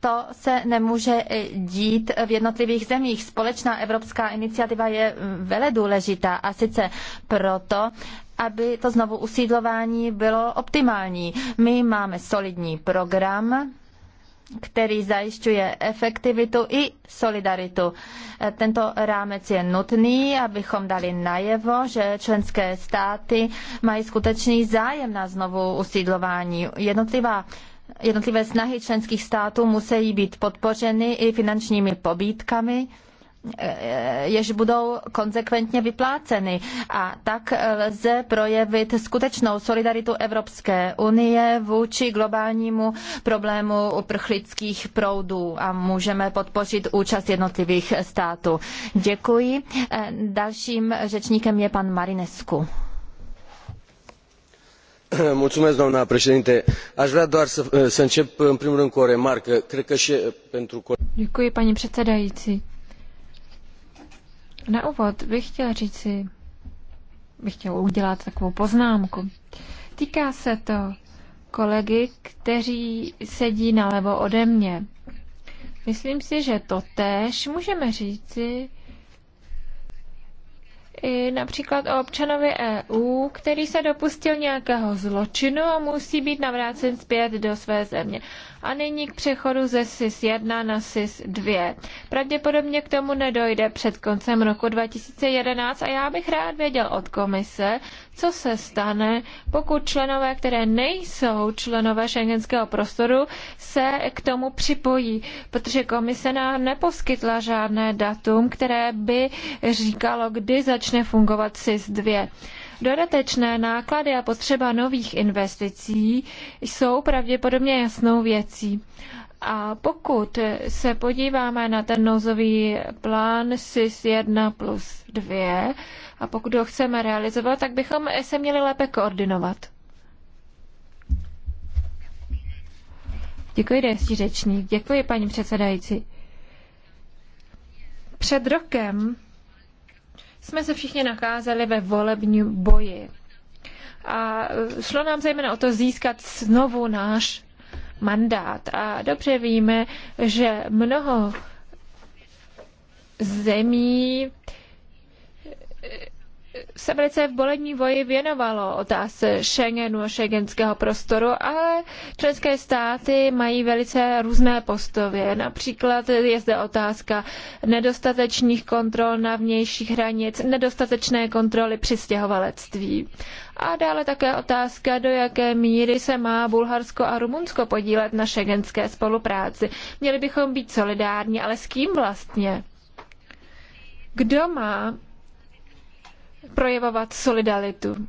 Speaker 1: to se nemůže dít v jednotlivých zemích. Společná evropská iniciativa je vele důležitá a sice proto, aby to znovu usídlování bylo optimální. My máme solidní program, který zajišťuje efektivitu i solidaritu. E, tento rámec je nutný, abychom dali najevo, že členské státy mají skutečný zájem na znovu usídlování. Jednotlivá Jednotlivé snahy členských států musí být podpořeny i finančními pobídkami, jež budou konsekventně vypláceny. A tak lze projevit skutečnou solidaritu Evropské unie vůči globálnímu problému uprchlických proudů a můžeme podpořit účast jednotlivých států. Děkuji. Dalším řečníkem je pan Marinescu. Aș vrea doar să încep în primul rând cu o remarcă. Cred că și pentru...
Speaker 3: Děkuji, paní předsedající na úvod bych chtěla říci, bych chtěla udělat takovou poznámku. Týká se to kolegy, kteří sedí nalevo ode mě. Myslím si, že to též můžeme říci i například o občanovi EU, který se dopustil nějakého zločinu a musí být navrácen zpět do své země a nyní k přechodu ze SIS 1 na SIS 2. Pravděpodobně k tomu nedojde před koncem roku 2011 a já bych rád věděl od komise, co se stane, pokud členové, které nejsou členové šengenského prostoru, se k tomu připojí, protože komise nám neposkytla žádné datum, které by říkalo, kdy začne fungovat SIS 2. Dodatečné náklady a potřeba nových investicí jsou pravděpodobně jasnou věcí. A pokud se podíváme na ten nouzový plán SIS 1 plus 2 a pokud ho chceme realizovat, tak bychom se měli lépe koordinovat. Děkuji, další řečník. Děkuji, paní předsedající. Před rokem jsme se všichni nacházeli ve volebním boji. A e, šlo nám zejména o to získat znovu náš mandát. A dobře víme, že mnoho zemí se velice v bolení voji věnovalo otázce Schengenu a šengenského prostoru, ale členské státy mají velice různé postoje. Například je zde otázka nedostatečných kontrol na vnějších hranic, nedostatečné kontroly přistěhovalectví. A dále také otázka, do jaké míry se má Bulharsko a Rumunsko podílet na šengenské spolupráci. Měli bychom být solidární, ale s kým vlastně? Kdo má projevovat solidaritu.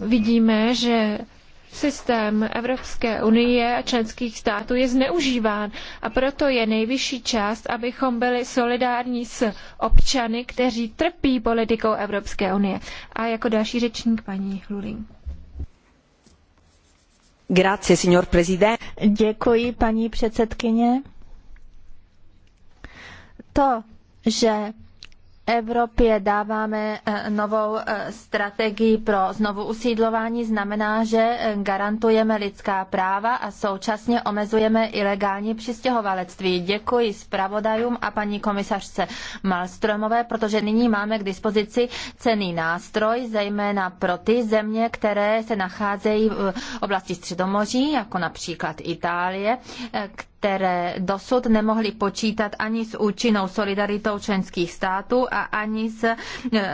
Speaker 3: Vidíme, že systém Evropské unie a členských států je zneužíván a proto je nejvyšší čas, abychom byli solidární s občany, kteří trpí politikou Evropské unie. A jako další řečník paní Luling.
Speaker 1: Grazie, signor president. Děkuji, paní předsedkyně. To, že Evropě dáváme eh, novou eh, strategii pro znovu usídlování, znamená, že eh, garantujeme lidská práva a současně omezujeme ilegální přistěhovalectví. Děkuji zpravodajům a paní komisařce Malstromové, protože nyní máme k dispozici cený nástroj, zejména pro ty země, které se nacházejí v oblasti Středomoří, jako například Itálie, které dosud nemohly počítat ani s účinnou solidaritou členských států a ani s e,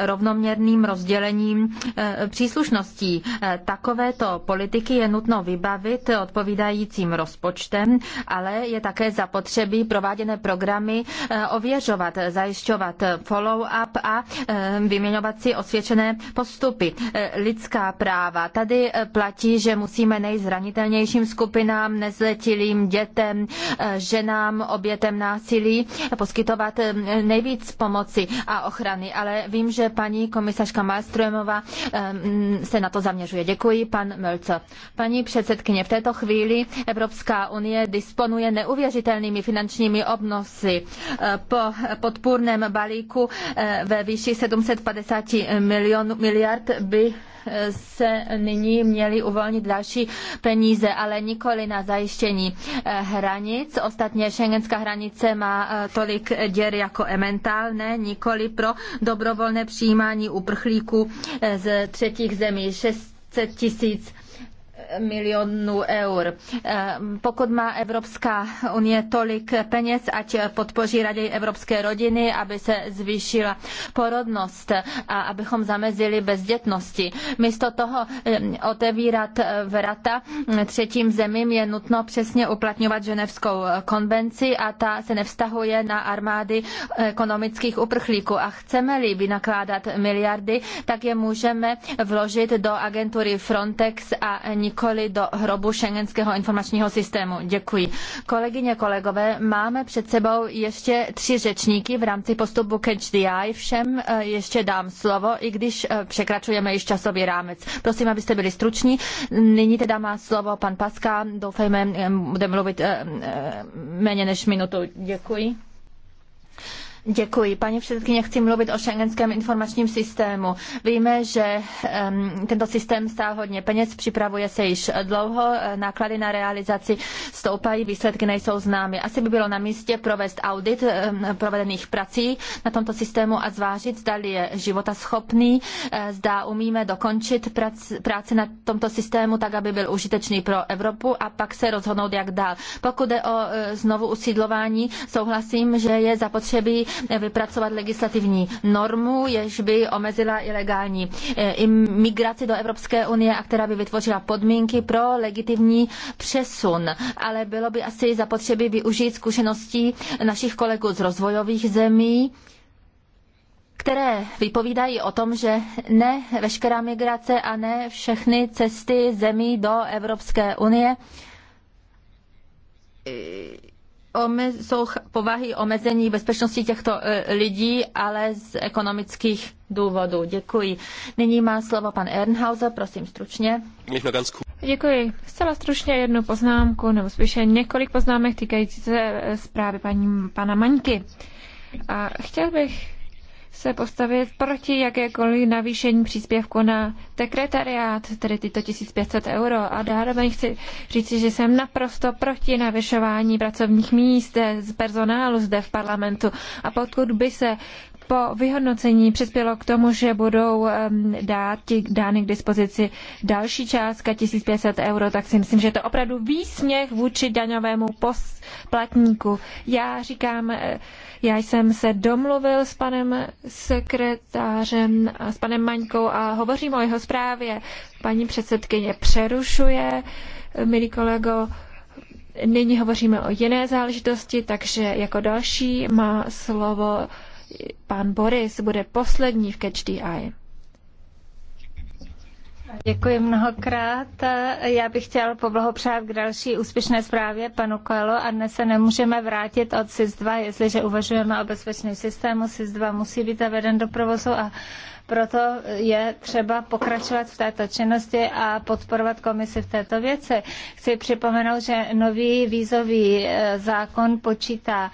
Speaker 1: rovnoměrným rozdělením e, příslušností. E, takovéto politiky je nutno vybavit odpovídajícím rozpočtem, ale je také zapotřebí prováděné programy ověřovat, zajišťovat follow-up a vyměňovat si osvědčené postupy. Lidská práva. Tady platí, že musíme nejzranitelnějším skupinám, nezletilým dětem, ženám obětem násilí poskytovat eh, nejvíc pomoci a ochrany, ale vím, že paní komisařka Malströmová eh, mm, se na to zaměřuje. Děkuji, pan Mölco. Paní předsedkyně, v této chvíli Evropská unie disponuje neuvěřitelnými finančními obnosy. Eh, po podpůrném balíku ve výši 750 milionů miliard by se nyní měly uvolnit další peníze, ale nikoli na zajištění eh, hranic. Ostatně šengenská hranice má eh, tolik děr jako ementál, ne nikoli pro dobrovolné přijímání uprchlíků eh, z třetích zemí. 600 tisíc milionů eur. Ehm, pokud má Evropská unie tolik peněz, ať podpoří raději evropské rodiny, aby se zvýšila porodnost a abychom zamezili bezdětnosti. Místo toho ehm, otevírat vrata třetím zemím je nutno přesně uplatňovat ženevskou konvenci a ta se nevztahuje na armády ekonomických uprchlíků. A chceme-li vynakládat miliardy, tak je můžeme vložit do agentury Frontex a nikoli nikoli do hrobu šengenského informačního systému. Děkuji. Kolegyně, kolegové, máme před sebou ještě tři řečníky v rámci postupu Catch the Eye. Všem eh, ještě dám slovo, i když eh, překračujeme již časový rámec. Prosím, abyste byli struční. Nyní teda má slovo pan Paska. Doufejme, eh, bude mluvit méně než minutu. Děkuji. Děkuji. Paní předsedkyně, chci mluvit o šengenském informačním systému. Víme, že tento systém stál hodně peněz, připravuje se již dlouho, e, náklady na realizaci stoupají, výsledky nejsou známy. Asi by bylo na místě provést audit provedených prací na tomto systému a zvážit, zda je života schopný, e, zda umíme dokončit práci na tomto systému tak, aby byl užitečný pro Evropu a pak se rozhodnout, jak dál. Pokud jde o e, znovu usídlování, souhlasím, že je zapotřebí Eh, vypracovat legislativní normu, jež by omezila ilegální eh, migraci do Evropské unie a která by vytvořila podmínky pro legitimní přesun. Ale bylo by asi zapotřebí využít zkušeností našich kolegů z rozvojových zemí, které vypovídají o tom, že ne veškerá migrace a ne všechny cesty zemí do Evropské unie eh, jsou povahy omezení bezpečnosti těchto e, lidí, ale z ekonomických důvodů. Děkuji. Nyní má slovo pan Ernhauser, prosím stručně. Děkuji. Zcela stručně jednu poznámku, nebo spíše
Speaker 3: několik poznámek týkající se e, zprávy paní, pana Maňky. A chtěl bych se postavit proti jakékoliv navýšení příspěvku na sekretariát, tedy tyto 1500 euro. A zároveň chci říci, že jsem naprosto proti navyšování pracovních míst z personálu zde v parlamentu. A pokud by se po vyhodnocení přispělo k tomu, že budou dát, dány k dispozici další částka 1500 euro, tak si myslím, že je to opravdu výsměch vůči daňovému poplatníku. Já říkám, eh, já jsem se domluvil s panem sekretářem, s panem Maňkou a hovořím o jeho zprávě. Paní předsedkyně přerušuje, eh, milý kolego, Nyní hovoříme o jiné záležitosti, takže jako další má slovo
Speaker 2: pan Boris bude poslední v Catch the Eye. Děkuji mnohokrát. Já bych chtěl poblahopřát k další úspěšné zprávě panu Koelo a dnes se nemůžeme vrátit od SIS-2, jestliže uvažujeme o bezpečném systému. SIS-2 musí být zaveden do provozu a proto je třeba pokračovat v této činnosti a podporovat komisi v této věci. Chci připomenout, že nový vízový eh, zákon počítá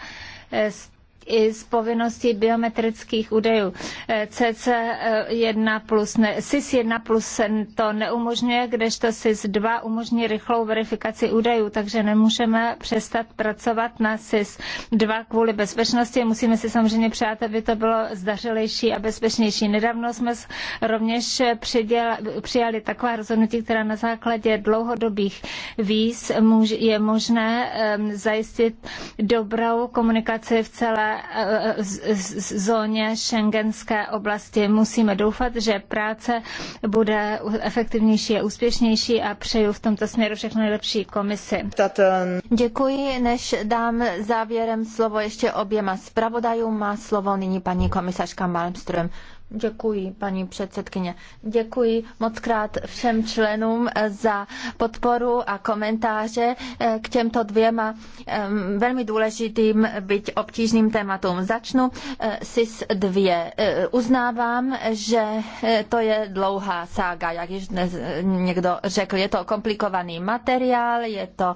Speaker 2: eh, s i z povinností biometrických údajů. CC1 plus, ne, SIS 1 plus to neumožňuje, kdežto SIS 2 umožní rychlou verifikaci údajů, takže nemůžeme přestat pracovat na SIS 2 kvůli bezpečnosti. Musíme si samozřejmě přát, aby to bylo zdařilejší a bezpečnější. Nedávno jsme rovněž přiděla, přijali taková rozhodnutí, která na základě dlouhodobých víz je možné ehm, zajistit dobrou komunikaci v celé zóně šengenské oblasti. Musíme doufat, že práce bude efektivnější a úspěšnější a přeju v tomto směru všechno nejlepší komisi.
Speaker 1: Děkuji, než dám závěrem slovo ještě oběma zpravodajům. Má slovo nyní paní komisařka Malmström. Děkuji, paní předsedkyně. Děkuji moc krát všem členům eh, za podporu a komentáře eh, k těmto dvěma velmi důležitým, byť obtížným tématům. Začnu eh, SIS 2. Uznávám, že to je dlouhá sága, jak již dnes někdo řekl. Je to komplikovaný materiál, je to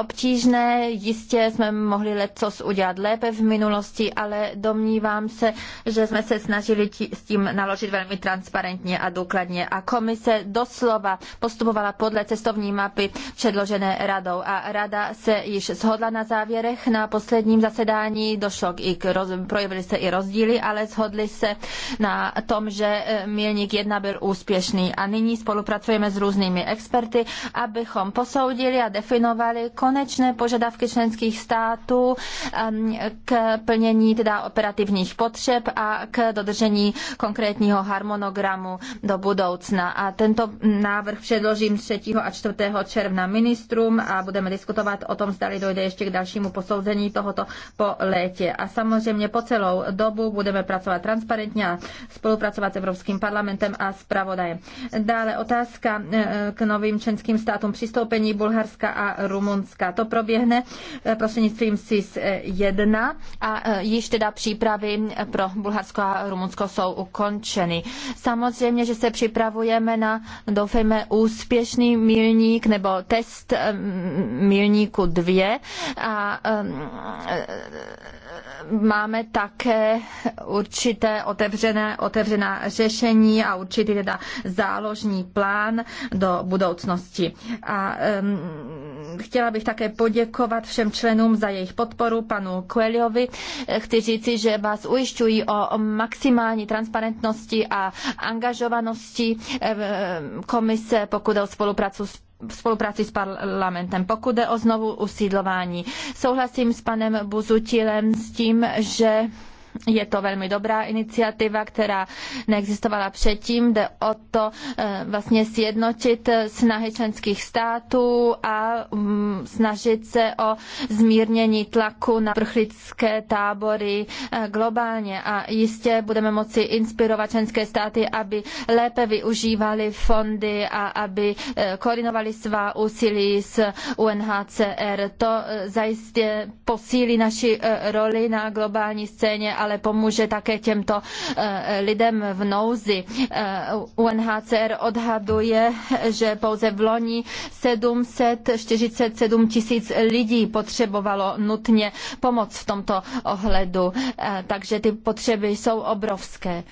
Speaker 1: obtížné, jistě jsme mohli letos udělat lépe v minulosti, ale domnívám se, že jsme se snažili snažili s tím naložit velmi transparentně a důkladně. A komise doslova postupovala podle cestovní mapy předložené radou. A rada se již shodla na závěrech na posledním zasedání. Došlo i k, roz, projevily se i rozdíly, ale shodli se na tom, že eh, milník 1 byl úspěšný. A nyní spolupracujeme s různými experty, abychom posoudili a definovali konečné požadavky členských států ehm, k plnění teda operativních potřeb a k dodržování dodržení konkrétního harmonogramu do budoucna. A tento návrh předložím 3. a 4. června ministrům a budeme diskutovat o tom, zdali dojde ještě k dalšímu posouzení tohoto po létě. A samozřejmě po celou dobu budeme pracovat transparentně a spolupracovat s Evropským parlamentem a pravodajem. Dále otázka eh, k novým členským státům přistoupení Bulharska a Rumunska. To proběhne eh, prostřednictvím SIS 1 eh, a již teda přípravy pro Bulharsko a Rumunsko Rumunsko jsou ukončeny. Samozřejmě, že se připravujeme na, doufejme, úspěšný milník nebo test milníku dvě a máme také určité otevřené, otevřená řešení a určitý teda záložní plán do budoucnosti. A um, chtěla bych také poděkovat všem členům za jejich podporu, panu Kueliovi. Chci říci, že vás ujišťují o maximální transparentnosti a angažovanosti komise, pokud o spolupráci s v spolupráci s parlamentem. Pokud jde o znovu usídlování, souhlasím s panem Buzutilem s tím, že je to velmi dobrá iniciativa, která neexistovala předtím. Jde o to eh, vlastně sjednotit snahy členských států a mm, snažit se o zmírnění tlaku na prchlické tábory eh, globálně. A jistě budeme moci inspirovat členské státy, aby lépe využívali fondy a aby eh, koordinovali svá úsilí s UNHCR. To zajistě posílí naši roli na globální scéně, ale ale pomůže také těmto eh, lidem v nouzi. Eh, UNHCR odhaduje, že pouze v loni 747 tisíc lidí potřebovalo nutně pomoc v tomto ohledu, eh, takže ty potřeby jsou obrovské.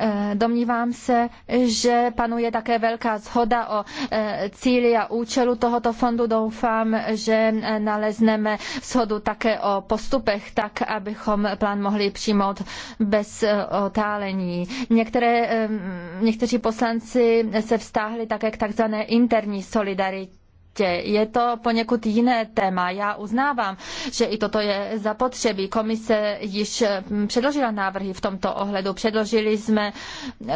Speaker 1: Eh, domnívám se, že panuje také velká shoda o eh, cíli a účelu tohoto fondu. Doufám, že eh, nalezneme shodu také o postupech, tak abychom plán mohli přijmout bez otálení. Některé, někteří poslanci se vztáhli také k takzvané interní solidaritě debatě. Prostě je to poněkud jiné téma. Já uznávám, že i toto je zapotřebí. Komise již mm, předložila návrhy v tomto ohledu. Předložili jsme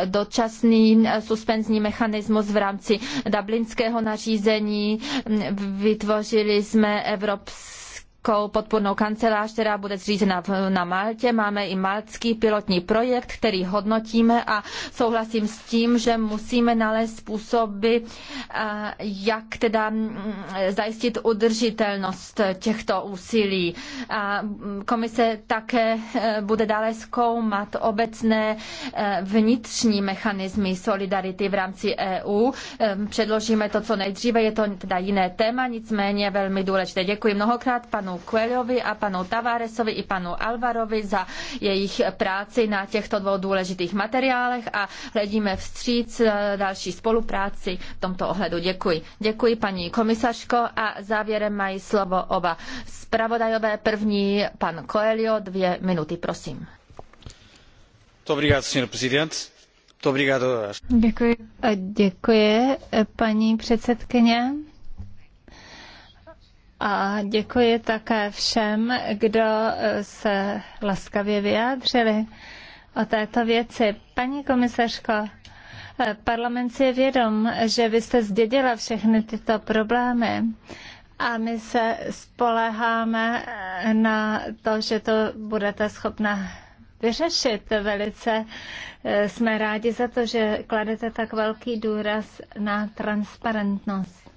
Speaker 1: dočasný mm, suspenzní mechanismus v rámci dublinského nařízení. Mm, vytvořili jsme evropský velkou podpornou kancelář, která bude zřízena na Maltě. Máme i maltský pilotní projekt, který hodnotíme a souhlasím s tím, že musíme nalézt způsoby, eh, jak teda mm, zajistit udržitelnost těchto úsilí. A mm, komise také eh, bude dále zkoumat obecné eh, vnitřní mechanismy solidarity v rámci EU. Ehm, předložíme to co nejdříve, je to teda jiné téma, nicméně velmi důležité. Děkuji mnohokrát panu panu Coelhovi a panu Tavaresovi i panu Alvarovi za jejich práci na těchto dvou důležitých materiálech a hledíme vstříc eh, další spolupráci v tomto ohledu. Děkuji. Děkuji paní komisařko a závěrem mají slovo oba zpravodajové. První pan Coelho, dvě minuty, prosím.
Speaker 2: Děkuji. Děkuji, paní předsedkyně. A děkuji také všem, kdo eh, se laskavě vyjádřili o této věci. Paní komisařko, eh, parlament si je vědom, že vy jste zdědila všechny tyto problémy a my se spoleháme eh, na to, že to budete schopna vyřešit. Velice jsme rádi za to, že kladete tak velký důraz na transparentnost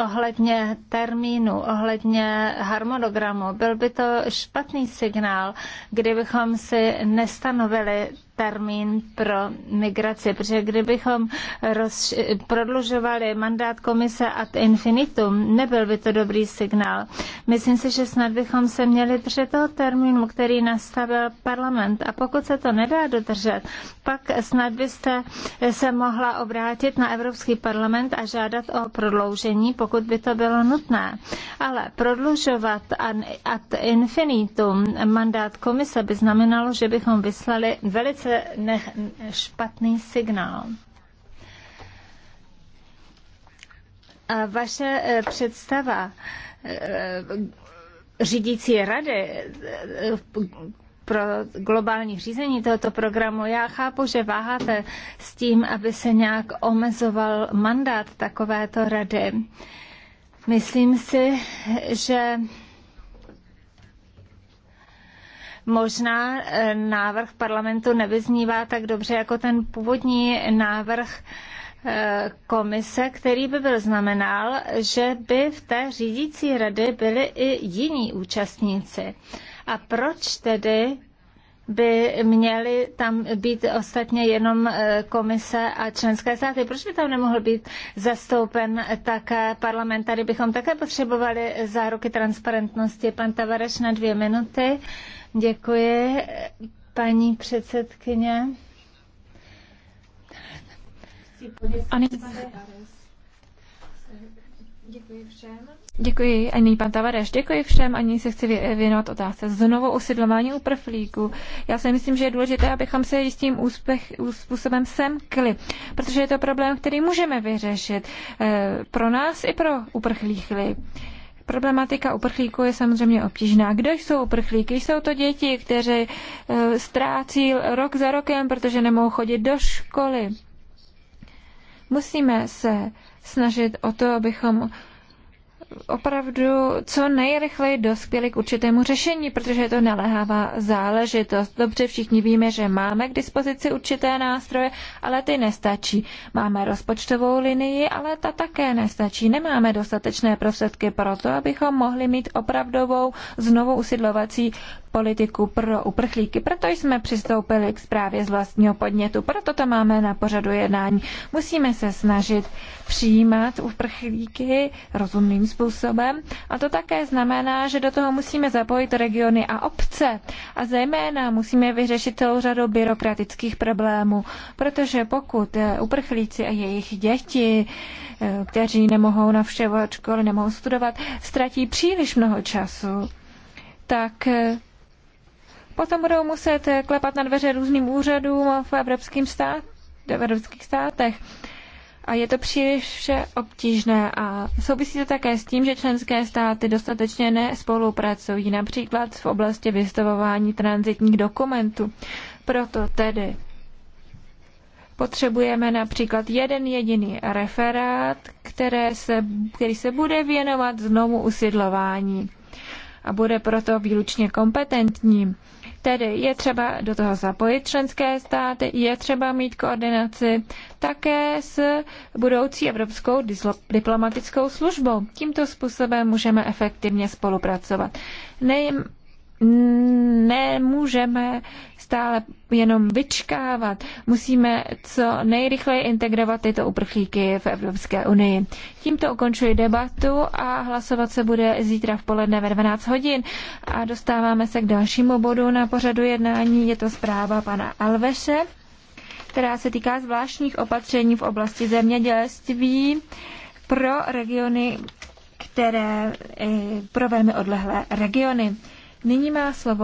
Speaker 2: ohledně termínu, ohledně harmonogramu. Byl by to špatný signál, kdybychom si nestanovili termín pro migraci, protože kdybychom roz, prodlužovali mandát komise ad infinitum, nebyl by to dobrý signál. Myslím si, že snad bychom se měli držet toho termínu, který nastavil parlament. A pokud se to nedá dodržet, pak snad byste se mohla obrátit na Evropský parlament a žádat o prodloužení, pokud by to bylo nutné. Ale prodlužovat ad infinitum mandát komise by znamenalo, že bychom vyslali velice velice ne, špatný signál. A vaše eh, představa eh, řídící rady eh, pro globální řízení tohoto programu. Já chápu, že váháte s tím, aby se nějak omezoval mandát takovéto rady. Myslím si, že Možná eh, návrh parlamentu nevyznívá tak dobře jako ten původní návrh eh, komise, který by byl znamenal, že by v té řídící rady byli i jiní účastníci. A proč tedy by měly tam být ostatně jenom eh, komise a členské státy. Proč by tam nemohl být zastoupen také parlament? Tady bychom také potřebovali záruky transparentnosti. Pan Tavareš na dvě minuty. Děkuji, paní předsedkyně.
Speaker 3: Ani... Děkuji všem. Děkuji, ani pan Tavareš, děkuji všem, ani se chci věnovat otázce znovu usidlování uprchlíků. Já si myslím, že je důležité, abychom se jistým úspěch, způsobem semkli, protože je to problém, který můžeme vyřešit eh, pro nás i pro uprchlíky. Problematika uprchlíků je samozřejmě obtížná. Kdo jsou uprchlíky? Jsou to děti, kteří eh, ztrácí rok za rokem, protože nemohou chodit do školy. Musíme se snažit o to, abychom opravdu co nejrychleji dospěli k určitému řešení, protože je to naléhavá záležitost. Dobře všichni víme, že máme k dispozici určité nástroje, ale ty nestačí. Máme rozpočtovou linii, ale ta také nestačí. Nemáme dostatečné prostředky pro to, abychom mohli mít opravdovou znovu usidlovací politiku pro uprchlíky. Proto jsme přistoupili k zprávě z vlastního podnětu, proto to máme na pořadu jednání. Musíme se snažit přijímat uprchlíky rozumným způsobem a to také znamená, že do toho musíme zapojit regiony a obce a zejména musíme vyřešit celou řadu byrokratických problémů, protože pokud eh, uprchlíci a jejich děti, eh, kteří nemohou navštěvovat školy, nemohou studovat, ztratí příliš mnoho času, tak eh, Potom budou muset klepat na dveře různým úřadům v, evropským stát, v evropských státech. A je to příliš vše obtížné a souvisí to také s tím, že členské státy dostatečně nespolupracují, například v oblasti vystavování transitních dokumentů. Proto tedy potřebujeme například jeden jediný referát, které se, který se bude věnovat znovu usidlování a bude proto výlučně kompetentní. Tedy je třeba do toho zapojit členské státy, je třeba mít koordinaci také s budoucí evropskou diplomatickou službou. Tímto způsobem můžeme efektivně spolupracovat. Nej, nemůžeme stále jenom vyčkávat. Musíme co nejrychleji integrovat tyto uprchlíky v Evropské unii. Tímto ukončuji debatu a hlasovat se bude zítra v poledne ve 12 hodin. A dostáváme se k dalšímu bodu na pořadu jednání. Je to zpráva pana Alveše, která se týká zvláštních opatření v oblasti zemědělství pro regiony, které eh, pro velmi odlehlé regiony. Nyní má slovo